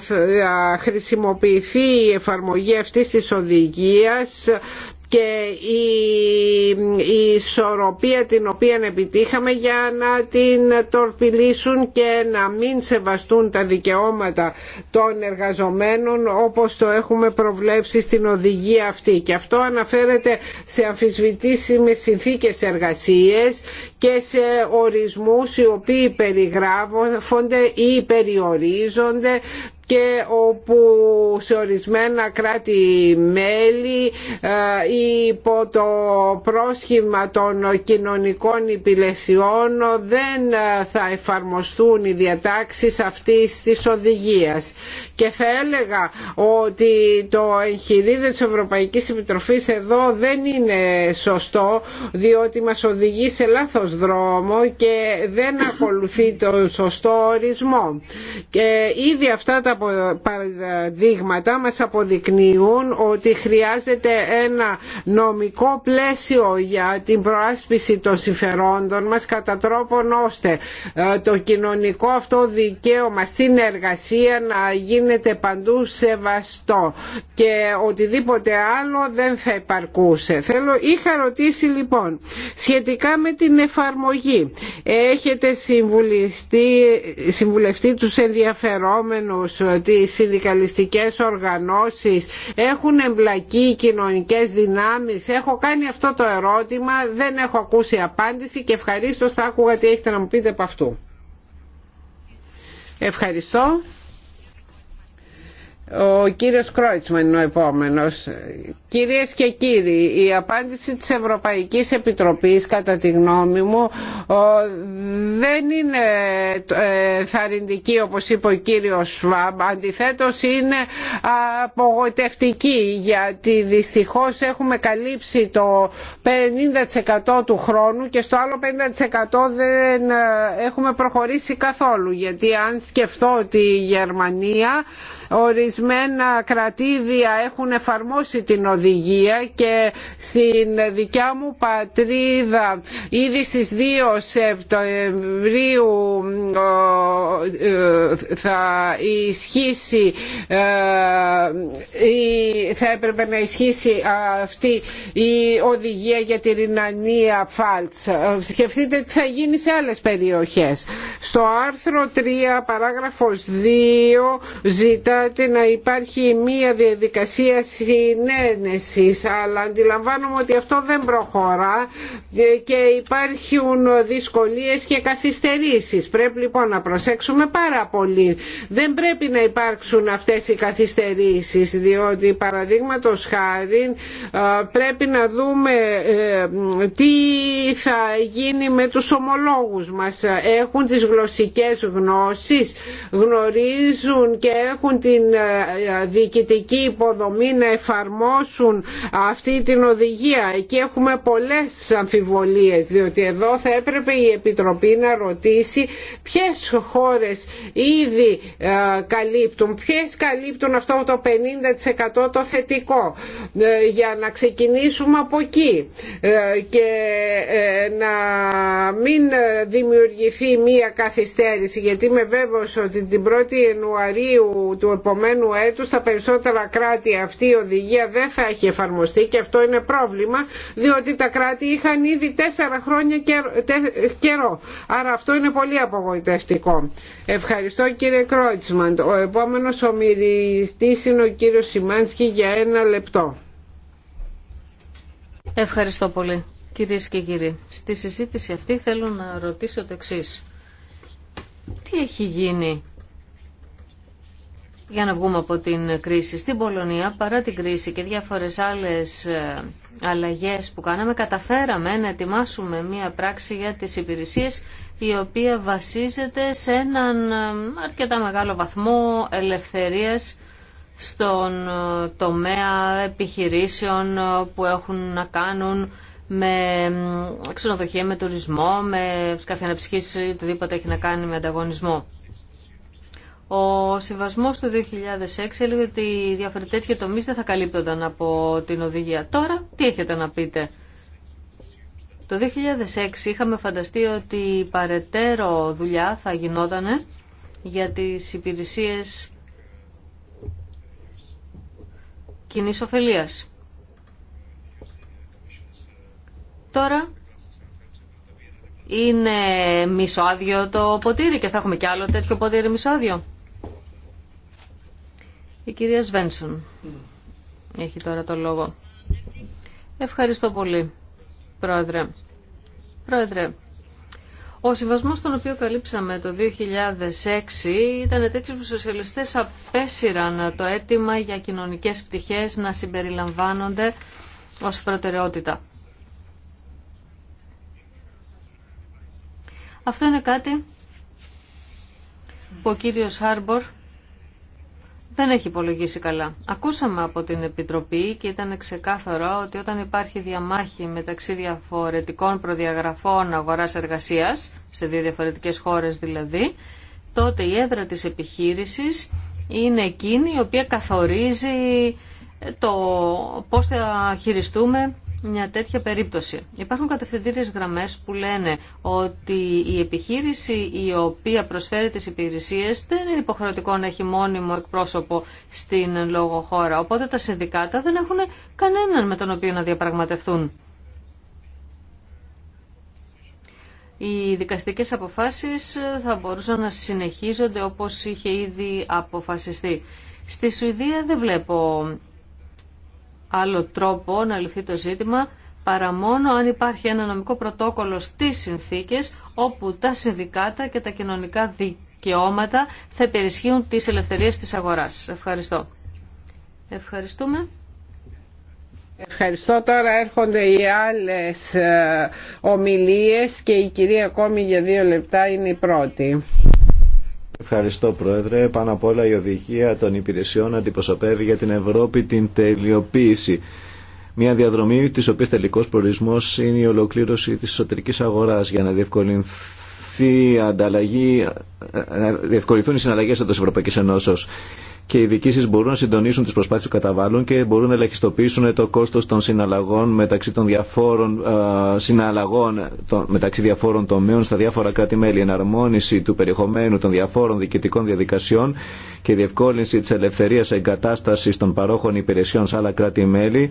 θα χρησιμοποιηθεί η εφαρμογή αυτής της οδηγίας και η ισορροπία την οποία επιτύχαμε για να την τορπιλήσουν και να μην σεβαστούν τα δικαιώματα των εργαζομένων όπως το έχουμε προβλέψει στην οδηγία αυτή. Και αυτό αναφέρεται σε αμφισβητήσιμες συνθήκες εργασίες και σε ορισμούς οι οποίοι περιγράφονται ή περιορίζονται και όπου σε ορισμένα κράτη-μέλη ε, υπό το πρόσχημα των κοινωνικών υπηρεσιών δεν ε, θα εφαρμοστούν οι διατάξεις αυτής της οδηγίας. Και θα έλεγα ότι το εγχειρίδιο της Ευρωπαϊκής Επιτροφής εδώ δεν είναι σωστό διότι μας οδηγεί σε λάθος δρόμο και δεν ακολουθεί τον σωστό ορισμό. Και ήδη αυτά τα παραδείγματα μας αποδεικνύουν ότι χρειάζεται ένα νομικό πλαίσιο για την προάσπιση των συμφερόντων μας κατά τρόπον ώστε ε, το κοινωνικό αυτό δικαίωμα στην εργασία να γίνεται παντού σεβαστό και οτιδήποτε άλλο δεν θα υπαρκούσε. Θέλω, είχα ρωτήσει λοιπόν σχετικά με την εφαρμογή. Έχετε συμβουλευτεί, συμβουλευτεί τους ενδιαφερόμενους ότι οι συνδικαλιστικές οργανώσεις, έχουν εμπλακεί οι κοινωνικές δυνάμεις. Έχω κάνει αυτό το ερώτημα, δεν έχω ακούσει απάντηση και ευχαρίστω θα άκουγα τι έχετε να μου πείτε από αυτού. Ευχαριστώ. Ο κύριος Κρόιτσμαν είναι ο επόμενος. Κυρίες και κύριοι, η απάντηση της Ευρωπαϊκής Επιτροπής κατά τη γνώμη μου δεν είναι ε, θαρρυντική όπως είπε ο κύριος Σβάμπ, αντιθέτως είναι απογοητευτική γιατί δυστυχώς έχουμε καλύψει το 50% του χρόνου και στο άλλο 50% δεν ε, έχουμε προχωρήσει καθόλου γιατί αν σκεφτώ ότι η Γερμανία ορισμένα κρατήδια έχουν εφαρμόσει την οδηγία και στην δικιά μου πατρίδα ήδη στις 2 Σεπτεμβρίου ε, θα ισχύσει ε, θα έπρεπε να ισχύσει αυτή η οδηγία για τη Ρινανία Φάλτς. Σκεφτείτε τι θα γίνει σε άλλες περιοχές. Στο άρθρο 3 παράγραφος 2 ζητάτε να υπάρχει μία διαδικασία συνένεση εσείς αλλά αντιλαμβάνομαι ότι αυτό δεν προχωρά και υπάρχουν δυσκολίες και καθυστερήσεις πρέπει λοιπόν να προσέξουμε πάρα πολύ δεν πρέπει να υπάρξουν αυτές οι καθυστερήσεις διότι παραδείγματο χάρη ε, πρέπει να δούμε ε, τι θα γίνει με τους ομολόγους μας έχουν τις γλωσσικές γνώσεις γνωρίζουν και έχουν την ε, διοικητική υποδομή να εφαρμόσουν αυτή την οδηγία. Εκεί έχουμε πολλές αμφιβολίες διότι εδώ θα έπρεπε η Επιτροπή να ρωτήσει ποιες χώρες ήδη ε, καλύπτουν, ποιες καλύπτουν αυτό το 50% το θετικό ε, για να ξεκινήσουμε από εκεί ε, και να μην δημιουργηθεί μία καθυστέρηση γιατί είμαι βέβαιος ότι την 1η Ιανουαρίου του επομένου έτους τα περισσότερα κράτη αυτή η οδηγία δεν θα έχει εφαρμοστεί και αυτό είναι πρόβλημα διότι τα κράτη είχαν ήδη τέσσερα χρόνια καιρό. Άρα αυτό είναι πολύ απογοητευτικό. Ευχαριστώ κύριε Κρότσμαν. Ο επόμενος ομιλητής είναι ο κύριος Σιμάνσκι για ένα λεπτό. Ευχαριστώ πολύ. Κυρίες και κύριοι, στη συζήτηση αυτή θέλω να ρωτήσω το εξής. Τι έχει γίνει για να βγούμε από την κρίση. Στην Πολωνία, παρά την κρίση και διάφορες άλλες ε, αλλαγές που κάναμε, καταφέραμε να ετοιμάσουμε μία πράξη για τις υπηρεσίες η οποία βασίζεται σε έναν ε, αρκετά μεγάλο βαθμό ελευθερίας στον ε, τομέα επιχειρήσεων που έχουν να κάνουν με ξενοδοχεία, με τουρισμό, με σκάφη αναψυχής ή οτιδήποτε έχει να κάνει με ανταγωνισμό. Ο συμβασμό του 2006 έλεγε ότι οι διάφοροι τομεί δεν θα καλύπτονταν από την οδηγία. Τώρα, τι έχετε να πείτε. Το 2006 είχαμε φανταστεί ότι παρετέρω δουλειά θα γινόταν για τις υπηρεσίες κοινή ωφελία. Τώρα είναι μισοάδιο το ποτήρι και θα έχουμε κι άλλο τέτοιο ποτήρι μισοάδιο. Η κυρία Σβένσον έχει τώρα το λόγο. Ευχαριστώ πολύ, Πρόεδρε. Πρόεδρε, ο συμβασμό τον οποίο καλύψαμε το 2006 ήταν τέτοιο που οι σοσιαλιστέ απέσυραν το αίτημα για κοινωνικέ πτυχέ να συμπεριλαμβάνονται ως προτεραιότητα. Αυτό είναι κάτι που ο κύριος Χάρμπορ δεν έχει υπολογίσει καλά. Ακούσαμε από την Επιτροπή και ήταν ξεκάθαρο ότι όταν υπάρχει διαμάχη μεταξύ διαφορετικών προδιαγραφών αγοράς εργασίας, σε δύο διαφορετικές χώρες δηλαδή, τότε η έδρα της επιχείρησης είναι εκείνη η οποία καθορίζει το πώς θα χειριστούμε μια τέτοια περίπτωση. Υπάρχουν κατευθυντήριες γραμμές που λένε ότι η επιχείρηση η οποία προσφέρει τις υπηρεσίες δεν είναι υποχρεωτικό να έχει μόνιμο εκπρόσωπο στην λόγο χώρα. Οπότε τα συνδικάτα δεν έχουν κανέναν με τον οποίο να διαπραγματευτούν. Οι δικαστικές αποφάσεις θα μπορούσαν να συνεχίζονται όπως είχε ήδη αποφασιστεί. Στη Σουηδία δεν βλέπω άλλο τρόπο να λυθεί το ζήτημα παρά μόνο αν υπάρχει ένα νομικό πρωτόκολλο στις συνθήκες όπου τα συνδικάτα και τα κοινωνικά δικαιώματα θα υπερισχύουν τις ελευθερίες της αγοράς. Ευχαριστώ. Ευχαριστούμε. Ευχαριστώ. Τώρα έρχονται οι άλλες ε, ομιλίες και η κυρία Κόμη για δύο λεπτά είναι η πρώτη. Ευχαριστώ Πρόεδρε. Πάνω απ' όλα η οδηγία των υπηρεσιών αντιπροσωπεύει για την Ευρώπη την τελειοποίηση. Μια διαδρομή της οποίας τελικός προορισμός είναι η ολοκλήρωση της εσωτερικής αγοράς για να διευκολυνθεί να διευκολυνθούν οι συναλλαγές εντός Ευρωπαϊκής Ενώσεως και οι διοικήσει μπορούν να συντονίσουν τι προσπάθειε που καταβάλουν και μπορούν να ελαχιστοποιήσουν το κόστο των συναλλαγών μεταξύ των διαφόρων συναλλαγών μεταξύ διαφόρων τομέων στα διάφορα κράτη-μέλη. Εναρμόνιση του περιεχομένου των διαφόρων διοικητικών διαδικασιών και διευκόλυνση τη ελευθερία εγκατάσταση των παρόχων υπηρεσιών σε άλλα κράτη-μέλη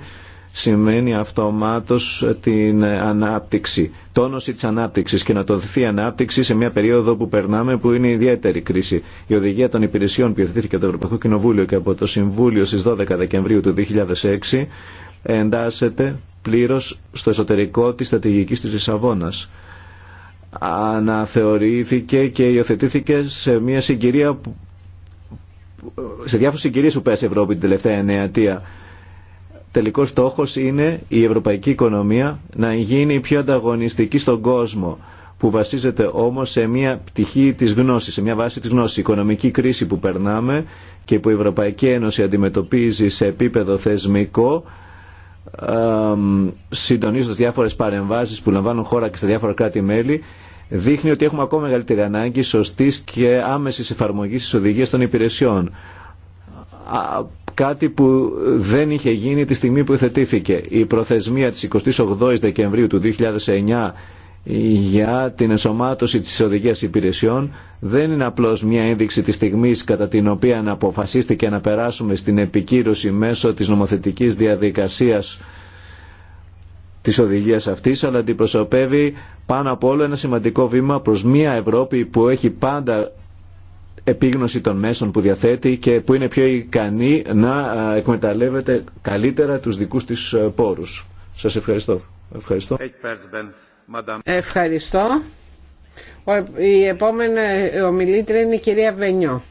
σημαίνει αυτομάτως την ανάπτυξη, τόνωση της ανάπτυξης και να το δοθεί ανάπτυξη σε μια περίοδο που περνάμε που είναι ιδιαίτερη κρίση. Η οδηγία των υπηρεσιών που υιοθετήθηκε από το Ευρωπαϊκό Κοινοβούλιο και από το Συμβούλιο στις 12 Δεκεμβρίου του 2006 εντάσσεται πλήρως στο εσωτερικό της στρατηγικής της Λισαβόνας αναθεωρήθηκε και υιοθετήθηκε σε μια συγκυρία σε διάφορες συγκυρίες που πέσει η Ευρώπη την τελευταία εννέα αιτία τελικός στόχος είναι η ευρωπαϊκή οικονομία να γίνει πιο ανταγωνιστική στον κόσμο που βασίζεται όμως σε μια πτυχή της γνώσης, σε μια βάση της γνώσης. Η οικονομική κρίση που περνάμε και που η Ευρωπαϊκή Ένωση αντιμετωπίζει σε επίπεδο θεσμικό συντονίζοντα διάφορες παρεμβάσεις που λαμβάνουν χώρα και στα διάφορα κράτη-μέλη δείχνει ότι έχουμε ακόμα μεγαλύτερη ανάγκη σωστής και άμεσης εφαρμογής της οδηγίας των υπηρεσιών κάτι που δεν είχε γίνει τη στιγμή που υθετήθηκε. Η προθεσμία της 28 Δεκεμβρίου του 2009 για την ενσωμάτωση της οδηγίας υπηρεσιών δεν είναι απλώς μια ένδειξη της στιγμής κατά την οποία να αποφασίστηκε να περάσουμε στην επικύρωση μέσω της νομοθετικής διαδικασίας της οδηγίας αυτής, αλλά αντιπροσωπεύει πάνω από όλο ένα σημαντικό βήμα προς μια Ευρώπη που έχει πάντα επίγνωση των μέσων που διαθέτει και που είναι πιο ικανή να εκμεταλλεύεται καλύτερα τους δικούς της πόρους. Σας ευχαριστώ. Ευχαριστώ. Ευχαριστώ. Η επόμενη ομιλήτρια είναι η κυρία Βενιό.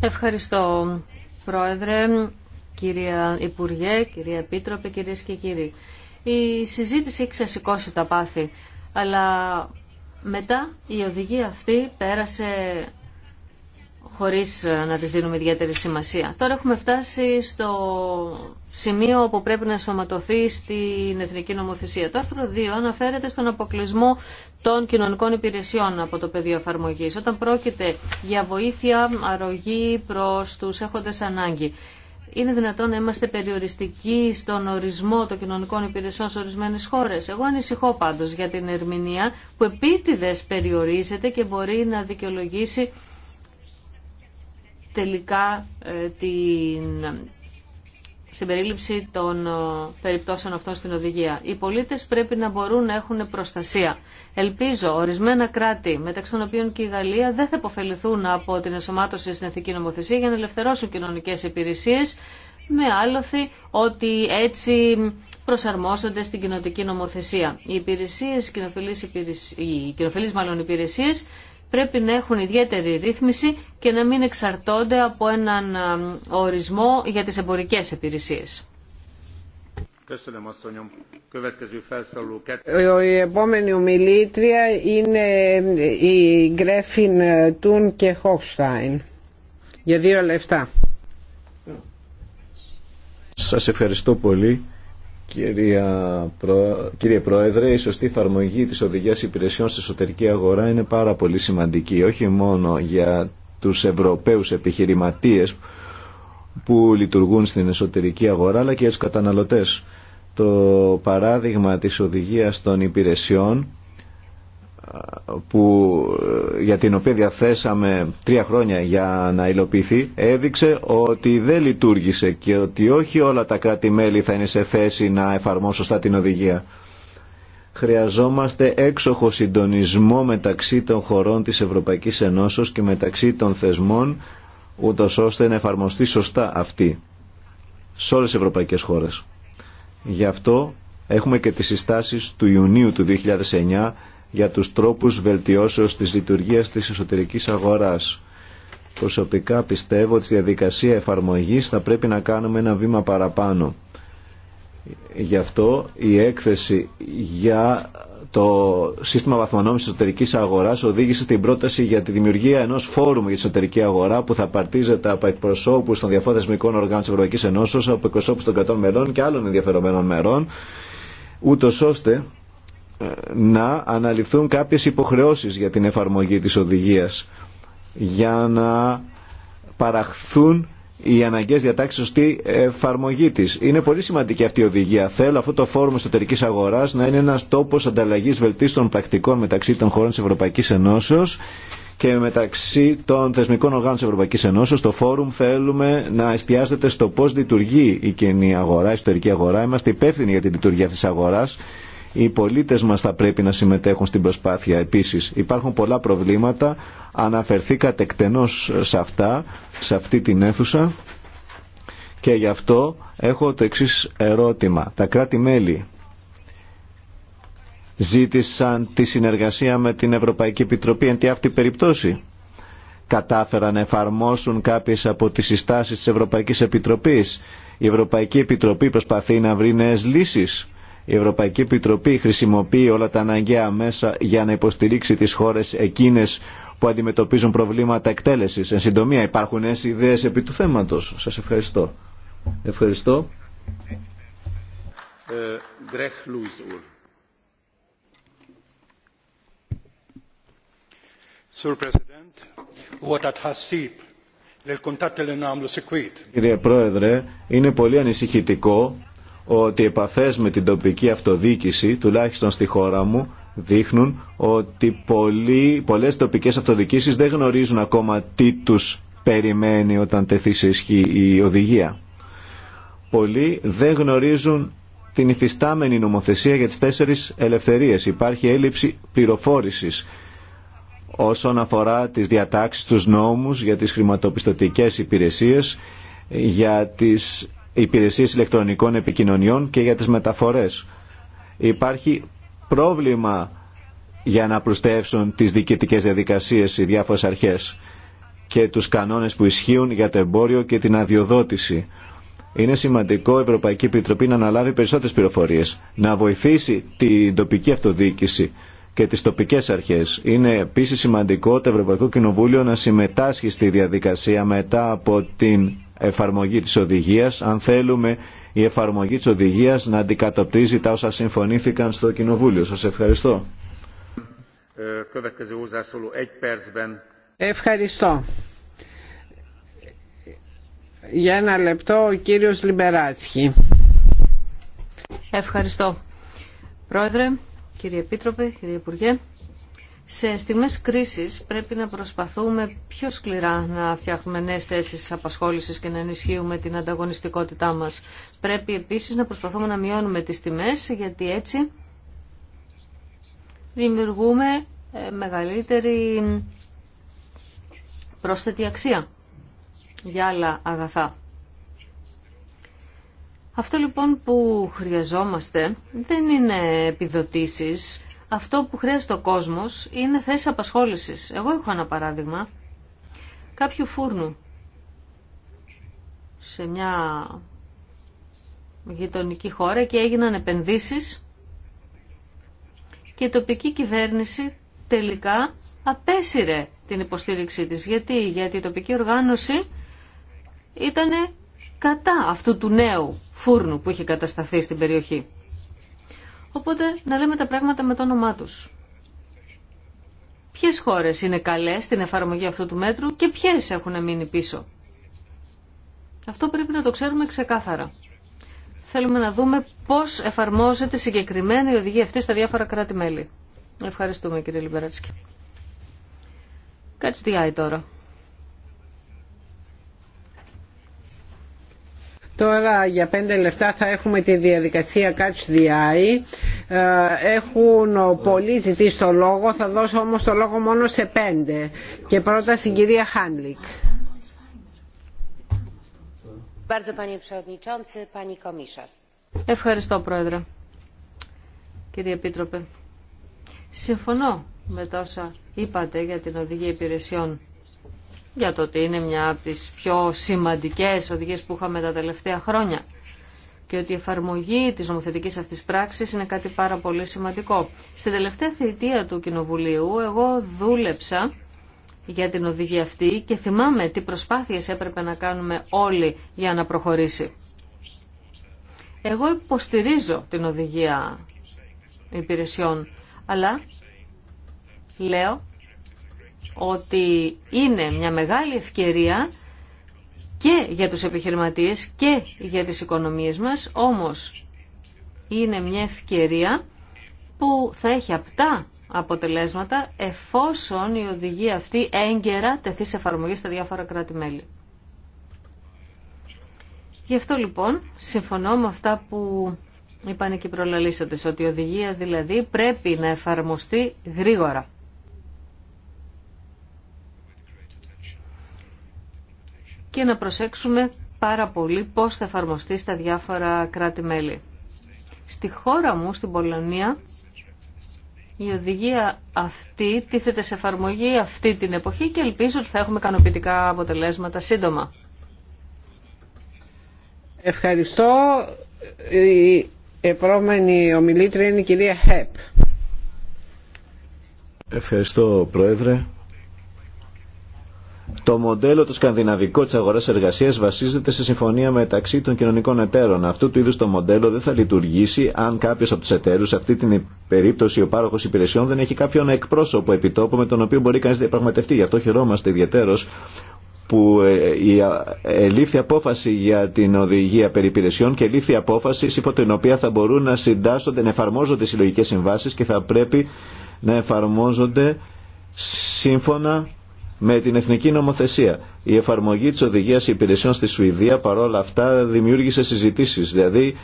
Ευχαριστώ, Πρόεδρε, κυρία Υπουργέ, κυρία Επίτροπε, κυρίες και κύριοι. Η συζήτηση έχει ξεσηκώσει τα πάθη, αλλά μετά η οδηγία αυτή πέρασε χωρίς ε, να τις δίνουμε ιδιαίτερη σημασία. Τώρα έχουμε φτάσει στο σημείο που πρέπει να σωματωθεί στην Εθνική Νομοθεσία. Το άρθρο 2 αναφέρεται στον αποκλεισμό των κοινωνικών υπηρεσιών από το πεδίο εφαρμογή, όταν πρόκειται για βοήθεια, αρρωγή προς τους έχοντες ανάγκη. Είναι δυνατόν να είμαστε περιοριστικοί στον ορισμό των κοινωνικών υπηρεσιών σε ορισμένε χώρε. Εγώ ανησυχώ πάντω για την ερμηνεία που επίτηδε περιορίζεται και μπορεί να δικαιολογήσει τελικά ε, την συμπερίληψη των ε, περιπτώσεων αυτών στην οδηγία. Οι πολίτες πρέπει να μπορούν να έχουν προστασία. Ελπίζω ορισμένα κράτη, μεταξύ των οποίων και η Γαλλία, δεν θα υποφεληθούν από την ενσωμάτωση στην εθνική νομοθεσία για να ελευθερώσουν κοινωνικές υπηρεσίες με άλοθη ότι έτσι προσαρμόζονται στην κοινοτική νομοθεσία. Οι υπηρεσίες, οι κοινοφιλείς, μάλλον υπηρεσίες, πρέπει να έχουν ιδιαίτερη ρύθμιση και να μην εξαρτώνται από έναν ε, ορισμό για τις εμπορικές υπηρεσίες. Ε, η επόμενη ομιλήτρια είναι ε, η Γκρέφιν Τούν και Χόχσταϊν. Για δύο λεφτά. Σας ευχαριστώ πολύ. Κυρία Προ... Κύριε Πρόεδρε, η σωστή εφαρμογή της οδηγίας υπηρεσιών στην εσωτερική αγορά είναι πάρα πολύ σημαντική, όχι μόνο για τους Ευρωπαίους επιχειρηματίες που λειτουργούν στην εσωτερική αγορά, αλλά και για τους καταναλωτές. Το παράδειγμα της οδηγίας των υπηρεσιών που, ε, για την οποία διαθέσαμε τρία χρόνια για να υλοποιηθεί έδειξε ότι δεν λειτουργήσε και ότι όχι όλα τα κράτη-μέλη θα είναι σε θέση να εφαρμόσουν σωστά την οδηγία. Χρειαζόμαστε έξοχο συντονισμό μεταξύ των χωρών της Ευρωπαϊκής Ενώσεως και μεταξύ των θεσμών ούτως ώστε να εφαρμοστεί σωστά αυτή σε όλες τις ευρωπαϊκές χώρες. Γι' αυτό έχουμε και τις συστάσεις του Ιουνίου του 2009 για τους τρόπους βελτιώσεως της λειτουργίας της εσωτερικής αγοράς. Προσωπικά πιστεύω ότι στη διαδικασία εφαρμογής θα πρέπει να κάνουμε ένα βήμα παραπάνω. Γι' αυτό η έκθεση για το σύστημα βαθμονόμησης εσωτερικής αγοράς οδήγησε την πρόταση για τη δημιουργία ενός φόρουμ για την εσωτερική αγορά που θα παρτίζεται από εκπροσώπους των διαφόρων οργάνων της Ευρωπαϊκής Ενώσεως, από εκπροσώπους των κρατών μερών και άλλων ενδιαφερομένων μερών, ούτως ώστε να αναλυθούν κάποιες υποχρεώσεις για την εφαρμογή της οδηγίας για να παραχθούν οι αναγκαίες διατάξεις σωστή εφαρμογή της. Είναι πολύ σημαντική αυτή η οδηγία. Θέλω αυτό το φόρουμ εσωτερικής αγοράς να είναι ένας τόπος ανταλλαγής βελτίστων πρακτικών μεταξύ των χωρών της Ευρωπαϊκής Ενώσεως και μεταξύ των θεσμικών οργάνων της Ευρωπαϊκής Ενώσεως το φόρουμ θέλουμε να εστιάζεται στο πώς λειτουργεί η κοινή αγορά, η ιστορική αγορά. Είμαστε υπεύθυνοι για τη λειτουργία της αγοράς οι πολίτες μας θα πρέπει να συμμετέχουν στην προσπάθεια επίσης. Υπάρχουν πολλά προβλήματα, αναφερθήκατε εκτενώς σε αυτά, σε αυτή την αίθουσα και γι' αυτό έχω το εξής ερώτημα. Τα κράτη-μέλη ζήτησαν τη συνεργασία με την Ευρωπαϊκή Επιτροπή εν τη αυτή περιπτώσει. Κατάφεραν να εφαρμόσουν κάποιες από τις συστάσεις της Ευρωπαϊκής Επιτροπής. Η Ευρωπαϊκή Επιτροπή προσπαθεί να βρει νέες λύσεις η Ευρωπαϊκή Επιτροπή χρησιμοποιεί όλα τα αναγκαία μέσα για να υποστηρίξει τις χώρες εκείνες που αντιμετωπίζουν προβλήματα εκτέλεσης. Εν συντομία υπάρχουν νέες ιδέες επί του θέματος. Σας ευχαριστώ. Ευχαριστώ. Κύριε Πρόεδρε, είναι πολύ ανησυχητικό ότι οι επαφές με την τοπική αυτοδίκηση, τουλάχιστον στη χώρα μου, δείχνουν ότι πολλοί, πολλές τοπικές αυτοδικήσεις δεν γνωρίζουν ακόμα τι τους περιμένει όταν τεθεί σε ισχύ η οδηγία. Πολλοί δεν γνωρίζουν την υφιστάμενη νομοθεσία για τις τέσσερις ελευθερίες. Υπάρχει έλλειψη πληροφόρησης όσον αφορά τις διατάξεις τους νόμους για τις χρηματοπιστωτικές υπηρεσίες, για τις υπηρεσίες ηλεκτρονικών επικοινωνιών και για τις μεταφορές. Υπάρχει πρόβλημα για να προστεύσουν τις διοικητικές διαδικασίες οι διάφορες αρχές και τους κανόνες που ισχύουν για το εμπόριο και την αδειοδότηση. Είναι σημαντικό η Ευρωπαϊκή Επιτροπή να αναλάβει περισσότερες πληροφορίες, να βοηθήσει την τοπική αυτοδιοίκηση και τις τοπικές αρχές. Είναι επίσης σημαντικό το Ευρωπαϊκό Κοινοβούλιο να συμμετάσχει στη διαδικασία μετά από την εφαρμογή της οδηγίας, αν θέλουμε η εφαρμογή της οδηγίας να αντικατοπτρίζει τα όσα συμφωνήθηκαν στο Κοινοβούλιο. Σας ευχαριστώ. Ευχαριστώ. Για ένα λεπτό ο κύριος Λιμπεράτσχη. Ευχαριστώ. Πρόεδρε, κύριε Επίτροπε, κύριε Υπουργέ. Σε στιγμές κρίσης πρέπει να προσπαθούμε πιο σκληρά να φτιάχνουμε νέες θέσεις απασχόλησης και να ενισχύουμε την ανταγωνιστικότητά μας. Πρέπει επίσης να προσπαθούμε να μειώνουμε τις τιμές γιατί έτσι δημιουργούμε ε, μεγαλύτερη πρόσθετη αξία για άλλα αγαθά. Αυτό λοιπόν που χρειαζόμαστε δεν είναι επιδοτήσεις αυτό που χρειάζεται ο κόσμος είναι θέσεις απασχόλησης. Εγώ έχω ένα παράδειγμα κάποιου φούρνου σε μια γειτονική χώρα και έγιναν επενδύσεις και η τοπική κυβέρνηση τελικά απέσυρε την υποστήριξή της. Γιατί, Γιατί η τοπική οργάνωση ήταν κατά αυτού του νέου φούρνου που είχε κατασταθεί στην περιοχή. Οπότε να λέμε τα πράγματα με το όνομά του. Ποιε χώρε είναι καλέ στην εφαρμογή αυτού του μέτρου και ποιε έχουν μείνει πίσω. Αυτό πρέπει να το ξέρουμε ξεκάθαρα. Θέλουμε να δούμε πώ εφαρμόζεται συγκεκριμένη η οδηγία αυτή στα διάφορα κράτη-μέλη. Ευχαριστούμε κύριε Λιμπεράτσκι. Κάτσε τι τώρα. Τώρα για πέντε λεπτά θα έχουμε τη διαδικασία Catch the Eye. Ε, έχουν πολλοί ζητήσει το λόγο, θα δώσω όμως το λόγο μόνο σε πέντε. Και πρώτα στην κυρία Χάνλικ. Ευχαριστώ Πρόεδρε. Κύριε Επίτροπε, συμφωνώ με τόσα είπατε για την οδηγία υπηρεσιών για το ότι είναι μια από τις πιο σημαντικές οδηγίες που είχαμε τα τελευταία χρόνια και ότι η εφαρμογή της νομοθετικής αυτής πράξης είναι κάτι πάρα πολύ σημαντικό. Στην τελευταία θητεία του Κοινοβουλίου εγώ δούλεψα για την οδηγία αυτή και θυμάμαι τι προσπάθειες έπρεπε να κάνουμε όλοι για να προχωρήσει. Εγώ υποστηρίζω την οδηγία υπηρεσιών, αλλά λέω ότι είναι μια μεγάλη ευκαιρία και για τους επιχειρηματίες και για τις οικονομίες μας, όμως είναι μια ευκαιρία που θα έχει απτά αποτελέσματα εφόσον η οδηγία αυτή έγκαιρα τεθεί σε εφαρμογή στα διάφορα κράτη-μέλη. Γι' αυτό λοιπόν συμφωνώ με αυτά που είπαν και οι ότι η οδηγία δηλαδή πρέπει να εφαρμοστεί γρήγορα. και να προσέξουμε πάρα πολύ πώς θα εφαρμοστεί στα διάφορα κράτη-μέλη. Στη χώρα μου, στην Πολωνία, η οδηγία αυτή τίθεται σε εφαρμογή αυτή την εποχή και ελπίζω ότι θα έχουμε ικανοποιητικά αποτελέσματα σύντομα. Ευχαριστώ. Η επόμενη ομιλήτρια είναι η κυρία Χεπ. Ευχαριστώ, Πρόεδρε. Το μοντέλο του σκανδιναβικό τη αγορά εργασία βασίζεται σε συμφωνία μεταξύ των κοινωνικών εταίρων. Αυτού του είδου το μοντέλο δεν θα λειτουργήσει αν κάποιο από του εταίρου, σε αυτή την περίπτωση ο πάροχο υπηρεσιών, δεν έχει κάποιον εκπρόσωπο επιτόπου με τον οποίο μπορεί κανεί να διαπραγματευτεί. Γι' αυτό χαιρόμαστε ιδιαίτερω που ε, ε, ελήφθη απόφαση για την οδηγία περί υπηρεσιών και ελήφθη απόφαση υπό την οποία θα μπορούν να συντάσσονται, να εφαρμόζονται συλλογικέ συμβάσει και θα πρέπει να εφαρμόζονται σύμφωνα με την εθνική νομοθεσία. Η εφαρμογή της οδηγίας υπηρεσιών στη Σουηδία παρόλα αυτά δημιούργησε συζητήσεις, δηλαδή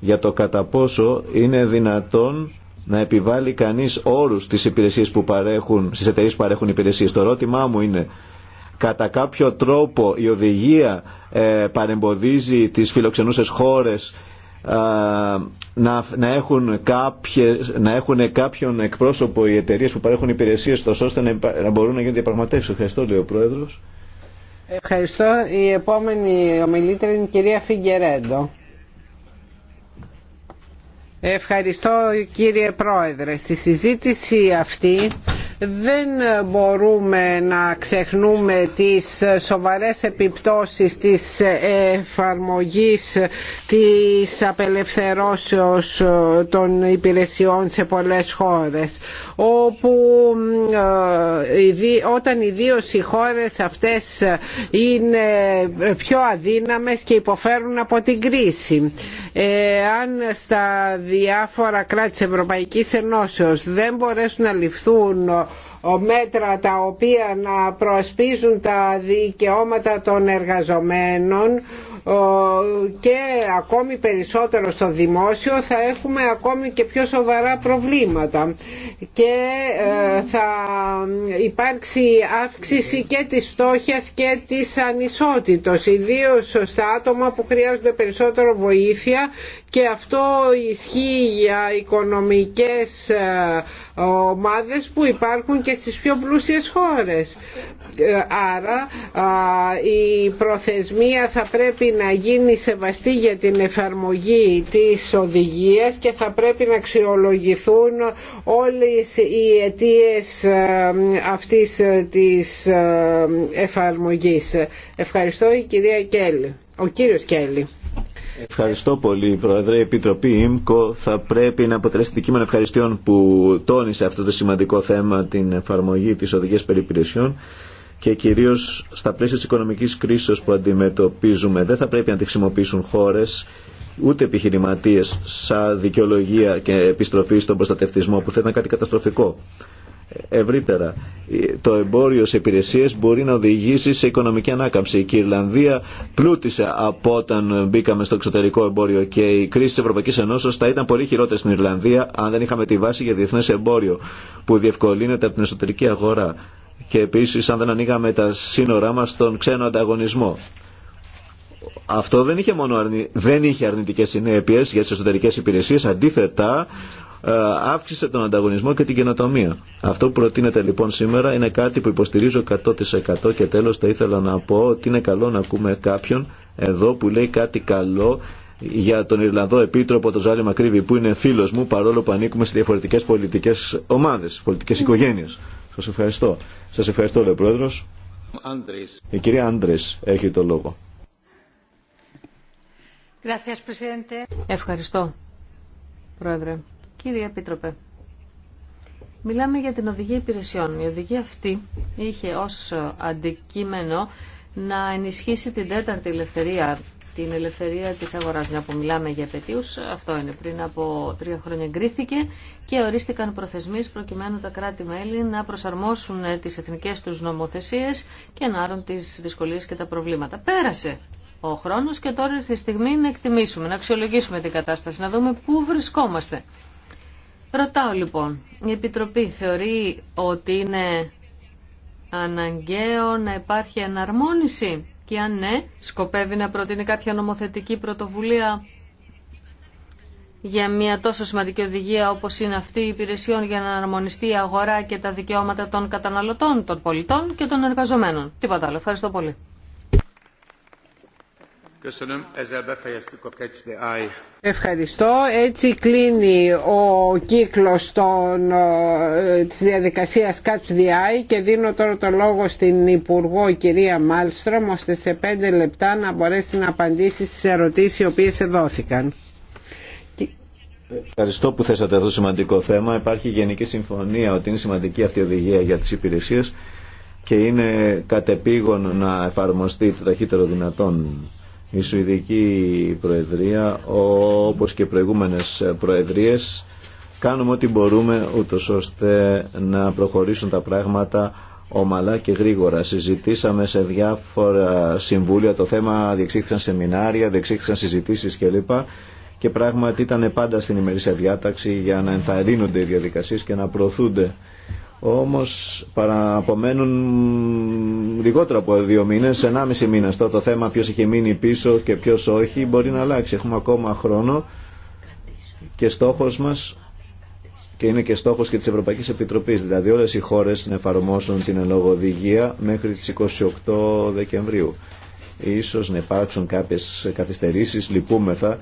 για το κατά πόσο είναι δυνατόν να επιβάλλει κανείς όρους στις υπηρεσίες που παρέχουν, στις εταιρείες που παρέχουν υπηρεσίες. Το ερώτημά μου είναι, κατά κάποιο τρόπο η οδηγία ε, παρεμποδίζει τις φιλοξενούσες χώρες ε, να, να, έχουν κάποιες, να έχουν κάποιον εκπρόσωπο οι εταιρείε που παρέχουν υπηρεσίες ώστε να, να μπορούν να γίνουν διαπραγματεύσει. Ευχαριστώ, λέει ο Πρόεδρος. Ευχαριστώ. Η επόμενη ομιλήτρια είναι η κυρία Φιγκερέντο. Ευχαριστώ κύριε Πρόεδρε. Στη συζήτηση αυτή δεν μπορούμε να ξεχνούμε τις σοβαρές επιπτώσεις της εφαρμογής της απελευθερώσεως των υπηρεσιών σε πολλές χώρες όπου ε, όταν ιδίω οι χώρες αυτές είναι πιο αδύναμες και υποφέρουν από την κρίση. Ε, αν στα διάφορα κράτη της Ευρωπαϊκής Ενώσεως δεν μπορέσουν να ληφθούν μέτρα τα οποία να προασπίζουν τα δικαιώματα των εργαζομένων και ακόμη περισσότερο στο δημόσιο θα έχουμε ακόμη και πιο σοβαρά προβλήματα και ε, θα υπάρξει αύξηση και της φτώχειας και της ανισότητος ιδίως στα άτομα που χρειάζονται περισσότερο βοήθεια και αυτό ισχύει για οικονομικές ε, ομάδες που υπάρχουν και στις πιο πλούσιες χώρες. Ε, άρα η προθεσμία θα πρέπει να γίνει σεβαστή για την εφαρμογή της οδηγίας και θα πρέπει να αξιολογηθούν όλες οι αιτίες ε, αυτής ε, της εφαρμογής. Ευχαριστώ η κυρία Κέλλη. Ο κύριος Κέλλη. Ευχαριστώ πολύ, Πρόεδρε. Η Επιτροπή ΙΜΚΟ θα πρέπει να αποτελέσει αντικείμενο ευχαριστειών που τόνισε αυτό το σημαντικό θέμα την εφαρμογή τη οδηγία περιπηρεσιών και κυρίω στα πλαίσια τη οικονομική κρίση που αντιμετωπίζουμε. Δεν θα πρέπει να τη χρησιμοποιήσουν χώρε ούτε επιχειρηματίε σαν δικαιολογία και επιστροφή στον προστατευτισμό που θα ήταν κάτι καταστροφικό ευρύτερα. Ε, το εμπόριο σε υπηρεσίε μπορεί να οδηγήσει σε οικονομική ανάκαμψη. η Ιρλανδία πλούτησε από όταν μπήκαμε στο εξωτερικό εμπόριο και η κρίση τη Ευρωπαϊκή Ενώσεω θα ήταν πολύ χειρότερη στην Ιρλανδία αν δεν είχαμε τη βάση για διεθνέ εμπόριο που διευκολύνεται από την εσωτερική αγορά. Και επίση αν δεν ανοίγαμε τα σύνορά μα στον ξένο ανταγωνισμό. Αυτό δεν είχε, αρνη... είχε αρνητικές συνέπειες για τι εσωτερικέ υπηρεσίε, Αντίθετα, ε, αύξησε τον ανταγωνισμό και την καινοτομία. Αυτό που προτείνεται λοιπόν σήμερα είναι κάτι που υποστηρίζω 100% και τέλος θα ήθελα να πω ότι είναι καλό να ακούμε κάποιον εδώ που λέει κάτι καλό για τον Ιρλανδό Επίτροπο, τον Ζάλη Μακρύβη, που είναι φίλος μου, παρόλο που ανήκουμε σε διαφορετικές πολιτικές ομάδες, πολιτικές οικογένειες. Σας ευχαριστώ. Σας ευχαριστώ, λέει Πρόεδρος. Andres. Η κυρία Άντρες έχει το λόγο. Gracias, Ευχαριστώ, Πρόεδρε. Κύριε Επίτροπε, μιλάμε για την οδηγία υπηρεσιών. Η οδηγία αυτή είχε ως αντικείμενο να ενισχύσει την τέταρτη ελευθερία, την ελευθερία της αγοράς. μια που μιλάμε για πετίους, αυτό είναι. Πριν από τρία χρόνια εγκρίθηκε και ορίστηκαν προθεσμίες προκειμένου τα κράτη-μέλη να προσαρμόσουν τις εθνικές τους νομοθεσίες και να άρουν τις δυσκολίες και τα προβλήματα. Πέρασε ο χρόνος και τώρα ήρθε η στιγμή να εκτιμήσουμε, να αξιολογήσουμε την κατάσταση, να δούμε πού βρισκόμαστε. Ρωτάω λοιπόν, η Επιτροπή θεωρεί ότι είναι αναγκαίο να υπάρχει εναρμόνιση και αν ναι, σκοπεύει να προτείνει κάποια νομοθετική πρωτοβουλία για μια τόσο σημαντική οδηγία όπως είναι αυτή η υπηρεσιών για να αναρμονιστεί η αγορά και τα δικαιώματα των καταναλωτών, των πολιτών και των εργαζομένων. Τίποτα άλλο. Ευχαριστώ πολύ. Ευχαριστώ. Έτσι κλείνει ο κύκλος των, ε, της διαδικασίας Catch the Eye και δίνω τώρα το λόγο στην Υπουργό κυρία Μάλστρομ ώστε σε πέντε λεπτά να μπορέσει να απαντήσει στις ερωτήσεις οι οποίες εδόθηκαν. Ευχαριστώ που θέσατε αυτό το σημαντικό θέμα. Υπάρχει γενική συμφωνία ότι είναι σημαντική αυτή η οδηγία για τις υπηρεσίες και είναι κατεπήγον να εφαρμοστεί το ταχύτερο δυνατόν η Σουηδική Προεδρία, όπως και προηγούμενες προεδρίες, κάνουμε ό,τι μπορούμε ούτως ώστε να προχωρήσουν τα πράγματα ομαλά και γρήγορα. Συζητήσαμε σε διάφορα συμβούλια το θέμα, διεξήχθησαν σεμινάρια, διεξήχθησαν συζητήσεις κλπ. Και πράγματι ήταν πάντα στην ημερήσια διάταξη για να ενθαρρύνονται οι διαδικασίες και να προωθούνται όμως παραπομένουν λιγότερο από δύο μήνες, ενάμιση μήνες. Τώρα το θέμα ποιος έχει μείνει πίσω και ποιος όχι μπορεί να αλλάξει. Έχουμε ακόμα χρόνο και στόχος μας και είναι και στόχος και της Ευρωπαϊκής Επιτροπής. Δηλαδή όλες οι χώρες να εφαρμόσουν την ελογοδηγία μέχρι τις 28 Δεκεμβρίου. Ίσως να υπάρξουν κάποιες καθυστερήσεις, λυπούμεθα.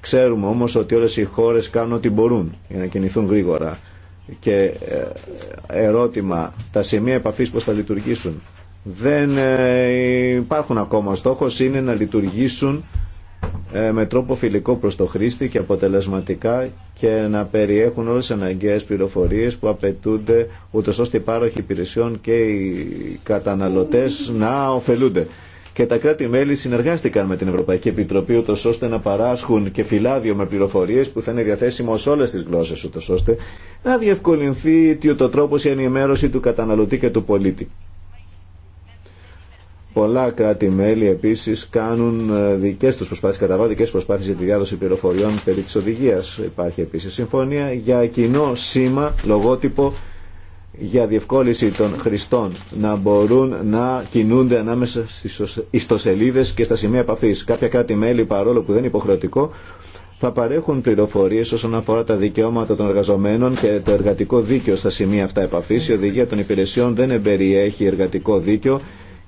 Ξέρουμε όμως ότι όλες οι χώρες κάνουν ό,τι μπορούν για να κινηθούν γρήγορα και ε, ερώτημα τα σημεία επαφής πώς θα λειτουργήσουν. Δεν ε, υπάρχουν ακόμα. Ο στόχος είναι να λειτουργήσουν ε, με τρόπο φιλικό προς το χρήστη και αποτελεσματικά και να περιέχουν όλες τις αναγκαίες πληροφορίες που απαιτούνται ούτως ώστε οι πάροχοι υπηρεσιών και οι καταναλωτές να ωφελούνται και τα κράτη-μέλη συνεργάστηκαν με την Ευρωπαϊκή Επιτροπή ώστε να παράσχουν και φυλάδιο με πληροφορίες που θα είναι διαθέσιμο σε όλες τις γλώσσες ώστε να διευκολυνθεί το τρόπο η ενημέρωση του καταναλωτή και του πολίτη. Πολλά κράτη-μέλη επίση κάνουν ε, δικέ του προσπάθειες καταβάλουν δικέ για τη διάδοση πληροφοριών περί τη οδηγία. Υπάρχει επίση συμφωνία για κοινό σήμα, λογότυπο για διευκόλυνση των χρηστών να μπορούν να κινούνται ανάμεσα στις ιστοσελίδες και στα σημεία επαφής. κάτι κράτη-μέλη, παρόλο που δεν είναι υποχρεωτικό, θα παρέχουν πληροφορίες όσον αφορά τα δικαιώματα των εργαζομένων και το εργατικό δίκαιο στα σημεία αυτά επαφής. Η οδηγία των υπηρεσιών δεν εμπεριέχει εργατικό δίκαιο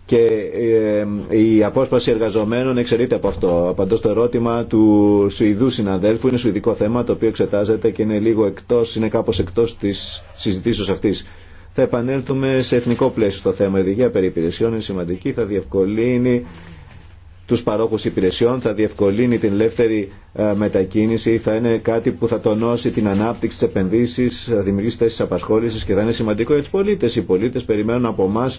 και ε, η απόσπαση εργαζομένων εξαιρείται από αυτό. Απαντώ στο ερώτημα του Σουηδού συναδέλφου. Είναι σουηδικό θέμα το οποίο εξετάζεται και είναι λίγο εκτός, είναι κάπως εκτός της συζητήσεως αυτής θα επανέλθουμε σε εθνικό πλαίσιο στο θέμα. Η οδηγία περί υπηρεσιών είναι σημαντική, θα διευκολύνει τους παρόχους υπηρεσιών, θα διευκολύνει την ελεύθερη ε, μετακίνηση, θα είναι κάτι που θα τονώσει την ανάπτυξη της επενδύσεις, θα δημιουργήσει θέσεις απασχόλησης και θα είναι σημαντικό για τους πολίτες. Οι πολίτες περιμένουν από εμά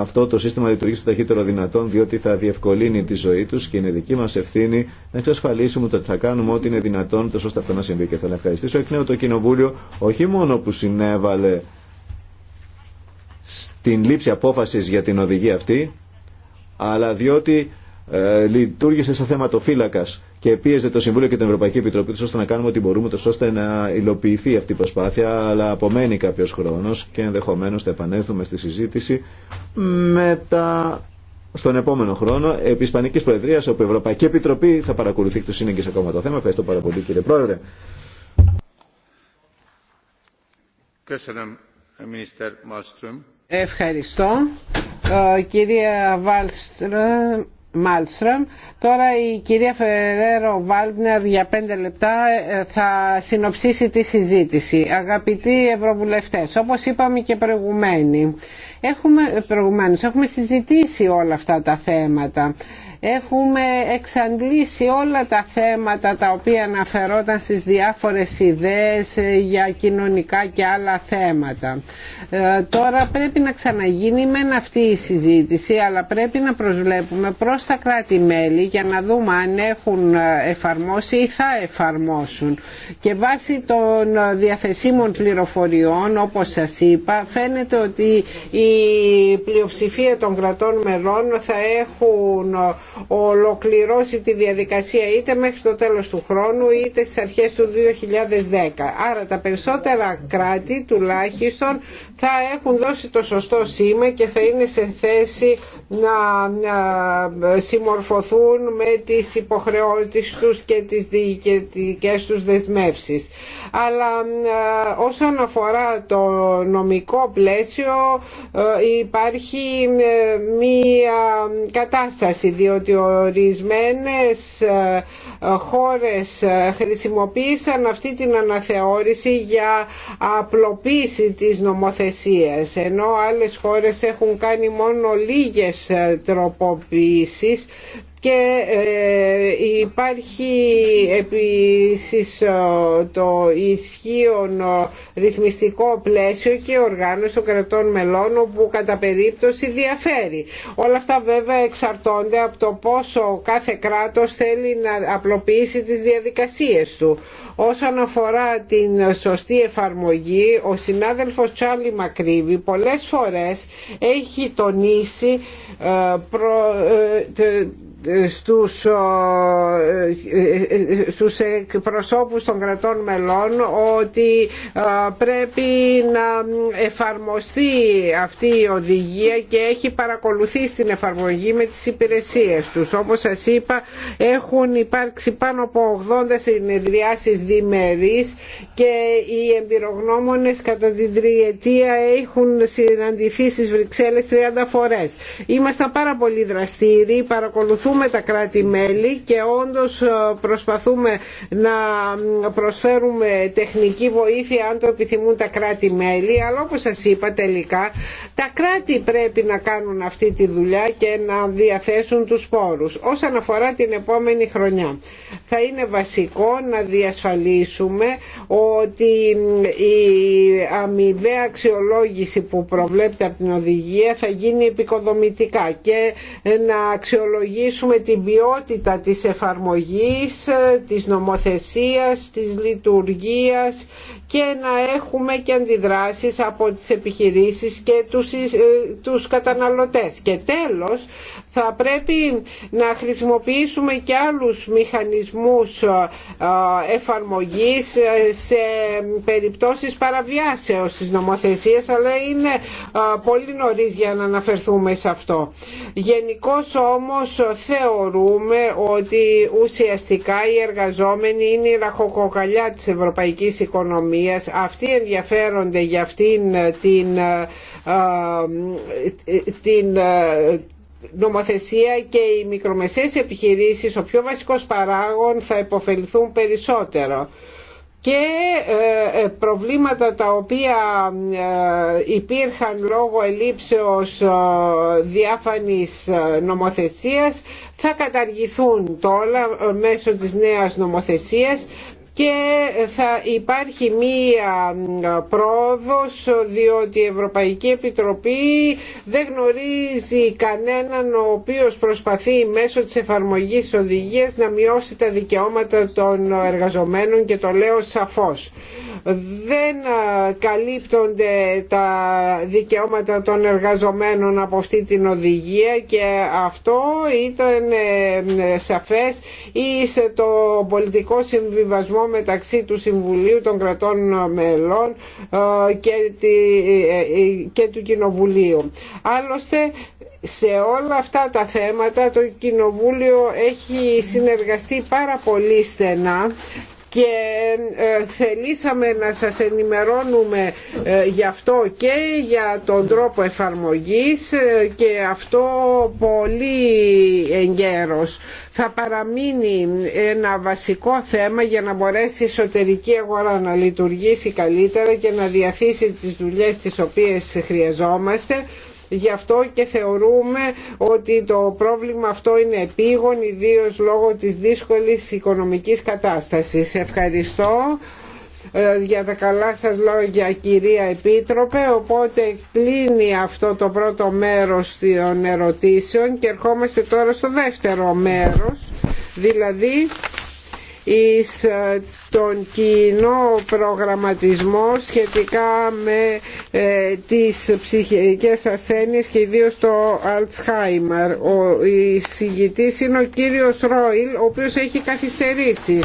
αυτό το σύστημα λειτουργεί στο ταχύτερο δυνατόν διότι θα διευκολύνει τη ζωή τους και είναι δική μας ευθύνη να εξασφαλίσουμε ότι θα κάνουμε ό,τι είναι δυνατόν τόσο ώστε αυτό να συμβεί και θα ευχαριστήσω εκ νέου το Κοινοβούλιο όχι μόνο που συνέβαλε στην λήψη απόφασης για την οδηγία αυτή, αλλά διότι ε, λειτουργήσε σαν φύλακα και πίεζε το Συμβούλιο και την Ευρωπαϊκή Επιτροπή ώστε να κάνουμε ό,τι μπορούμε ώστε να υλοποιηθεί αυτή η προσπάθεια. Αλλά απομένει κάποιος χρόνος και ενδεχομένω θα επανέλθουμε στη συζήτηση μετά στον επόμενο χρόνο επί Ισπανική Προεδρία, όπου η Ευρωπαϊκή Επιτροπή θα παρακολουθεί το σύνεγγυ ακόμα το θέμα. Ευχαριστώ πάρα πολύ, κύριε Πρόεδρε. Ευχαριστώ. Ε, κυρία Μάλστρομ, τώρα η κυρία Φεραίρο Βάλτνερ για πέντε λεπτά ε, θα συνοψίσει τη συζήτηση. Αγαπητοί Ευρωβουλευτές, όπως είπαμε και προηγουμένοι, έχουμε, προηγουμένως, έχουμε συζητήσει όλα αυτά τα θέματα έχουμε εξαντλήσει όλα τα θέματα τα οποία αναφερόταν στις διάφορες ιδέες ε, για κοινωνικά και άλλα θέματα. Ε, τώρα πρέπει να ξαναγίνει μεν αυτή η συζήτηση αλλά πρέπει να προσβλέπουμε προς τα κράτη-μέλη για να δούμε αν έχουν ε, εφαρμόσει ή θα εφαρμόσουν. Και βάσει των διαθεσίμων πληροφοριών όπως σας είπα φαίνεται ότι η πλειοψηφία των κρατών μελών θα έχουν ολοκληρώσει τη διαδικασία είτε μέχρι το τέλος του χρόνου είτε στις αρχές του 2010. Άρα τα περισσότερα κράτη τουλάχιστον θα έχουν δώσει το σωστό σήμα και θα είναι σε θέση να συμμορφωθούν με τις υποχρεώσεις τους και τις διοικητικές τους δεσμεύσεις. Αλλά ε, όσον αφορά το νομικό πλαίσιο ε, υπάρχει ε, μία κατάσταση διότι ότι ορισμένες ε, χώρες ε, χρησιμοποίησαν αυτή την αναθεώρηση για απλοποίηση της νομοθεσίας ενώ άλλες χώρες έχουν κάνει μόνο λίγες ε, τροποποίησεις και ε, υπάρχει επίσης ε, το ισχύον ε, ρυθμιστικό πλαίσιο και οργάνωση των κρατών μελών όπου κατά περίπτωση διαφέρει. Όλα αυτά βέβαια εξαρτώνται από το πόσο κάθε κράτος θέλει να απλοποιήσει τις διαδικασίες του. Όσον αφορά την σωστή εφαρμογή, ο συνάδελφος Τσάλι Μακρύβη πολλές φορές έχει τονίσει προ στους, ε, ε, ε, στους εκπροσώπους των κρατών μελών ότι πρέπει να εφαρμοστεί αυτή η οδηγία και έχει παρακολουθεί στην εφαρμογή με τις υπηρεσίες τους. Όπως σας είπα έχουν υπάρξει πάνω από 80 συνεδριάσεις διμερείς και οι εμπειρογνώμονες κατά την τριετία έχουν συναντηθεί στις Βρυξέλλες 30 φορές. Είμαστε πάρα πολύ δραστήριοι, παρακολουθούμε συνεργαστούμε τα κράτη-μέλη και όντως ε, προσπαθούμε να προσφέρουμε τεχνική βοήθεια αν το επιθυμούν τα κράτη-μέλη αλλά όπως σας είπα τελικά τα κράτη πρέπει να κάνουν αυτή τη δουλειά και να διαθέσουν τους πόρους. Όσον αφορά την επόμενη χρονιά θα είναι βασικό να διασφαλίσουμε ότι η αμοιβαία αξιολόγηση που προβλέπεται από την οδηγία θα γίνει επικοδομητικά και να αξιολογήσουμε αυξήσουμε την ποιότητα της εφαρμογής, ε, της νομοθεσίας, της λειτουργίας και να έχουμε και αντιδράσεις από τις επιχειρήσεις και τους, ε, τους καταναλωτές. Και τέλος, θα πρέπει να χρησιμοποιήσουμε και άλλους μηχανισμούς ε, εφαρμογής σε περιπτώσεις παραβιάσεως της νομοθεσίας, αλλά είναι πολύ νωρίς για να αναφερθούμε σε αυτό. Γενικώς όμως θεωρούμε ότι ουσιαστικά οι εργαζόμενοι είναι η ραχοκοκαλιά της ευρωπαϊκής οικονομίας. Αυτοί ενδιαφέρονται για αυτήν ε, την, ε, ε, την νομοθεσία και οι μικρομεσαίες επιχειρήσεις, ο πιο βασικός παράγων, θα υποφεληθούν περισσότερο και ε, ε, προβλήματα τα οποία ε, υπήρχαν λόγω ελήψεως διάφανης νομοθεσίας θα καταργηθούν τώρα μέσω της νέας νομοθεσίας και θα υπάρχει μία πρόοδος διότι η Ευρωπαϊκή Επιτροπή δεν γνωρίζει κανέναν ο οποίος προσπαθεί μέσω της εφαρμογής της οδηγίας να μειώσει τα δικαιώματα των εργαζομένων και το λέω σαφώς δεν καλύπτονται τα δικαιώματα των εργαζομένων από αυτή την οδηγία και αυτό ήταν ε, ε, σαφές ή σε το πολιτικό συμβιβασμό μεταξύ του Συμβουλίου των Κρατών Μελών ε, και του Κοινοβουλίου. Άλλωστε σε όλα αυτά τα θέματα το Κοινοβούλιο έχει συνεργαστεί πάρα πολύ στενά και ε, θελήσαμε να σας ενημερώνουμε ε, γι' αυτό και για τον τρόπο εφαρμογής ε, και αυτό πολύ εγκαίρος. Θα παραμείνει ένα βασικό θέμα για να μπορέσει η εσωτερική αγορά να λειτουργήσει καλύτερα και να διαθέσει τις δουλειές τις οποίες χρειαζόμαστε Γι' αυτό και θεωρούμε ότι το πρόβλημα αυτό είναι επίγον, ιδίω λόγω της δύσκολης οικονομικής κατάστασης. Ευχαριστώ ε, για τα καλά σας λόγια κυρία Επίτροπε οπότε κλείνει αυτό το πρώτο μέρος των ερωτήσεων και ερχόμαστε τώρα στο δεύτερο μέρος δηλαδή εις ε, τον κοινό προγραμματισμό σχετικά με ε, τις ψυχικές ασθένειες και ιδίως το Αλτσχάιμαρ. Ο εισηγητής είναι ο κύριος Ρόιλ, ο οποίος έχει καθυστερήσει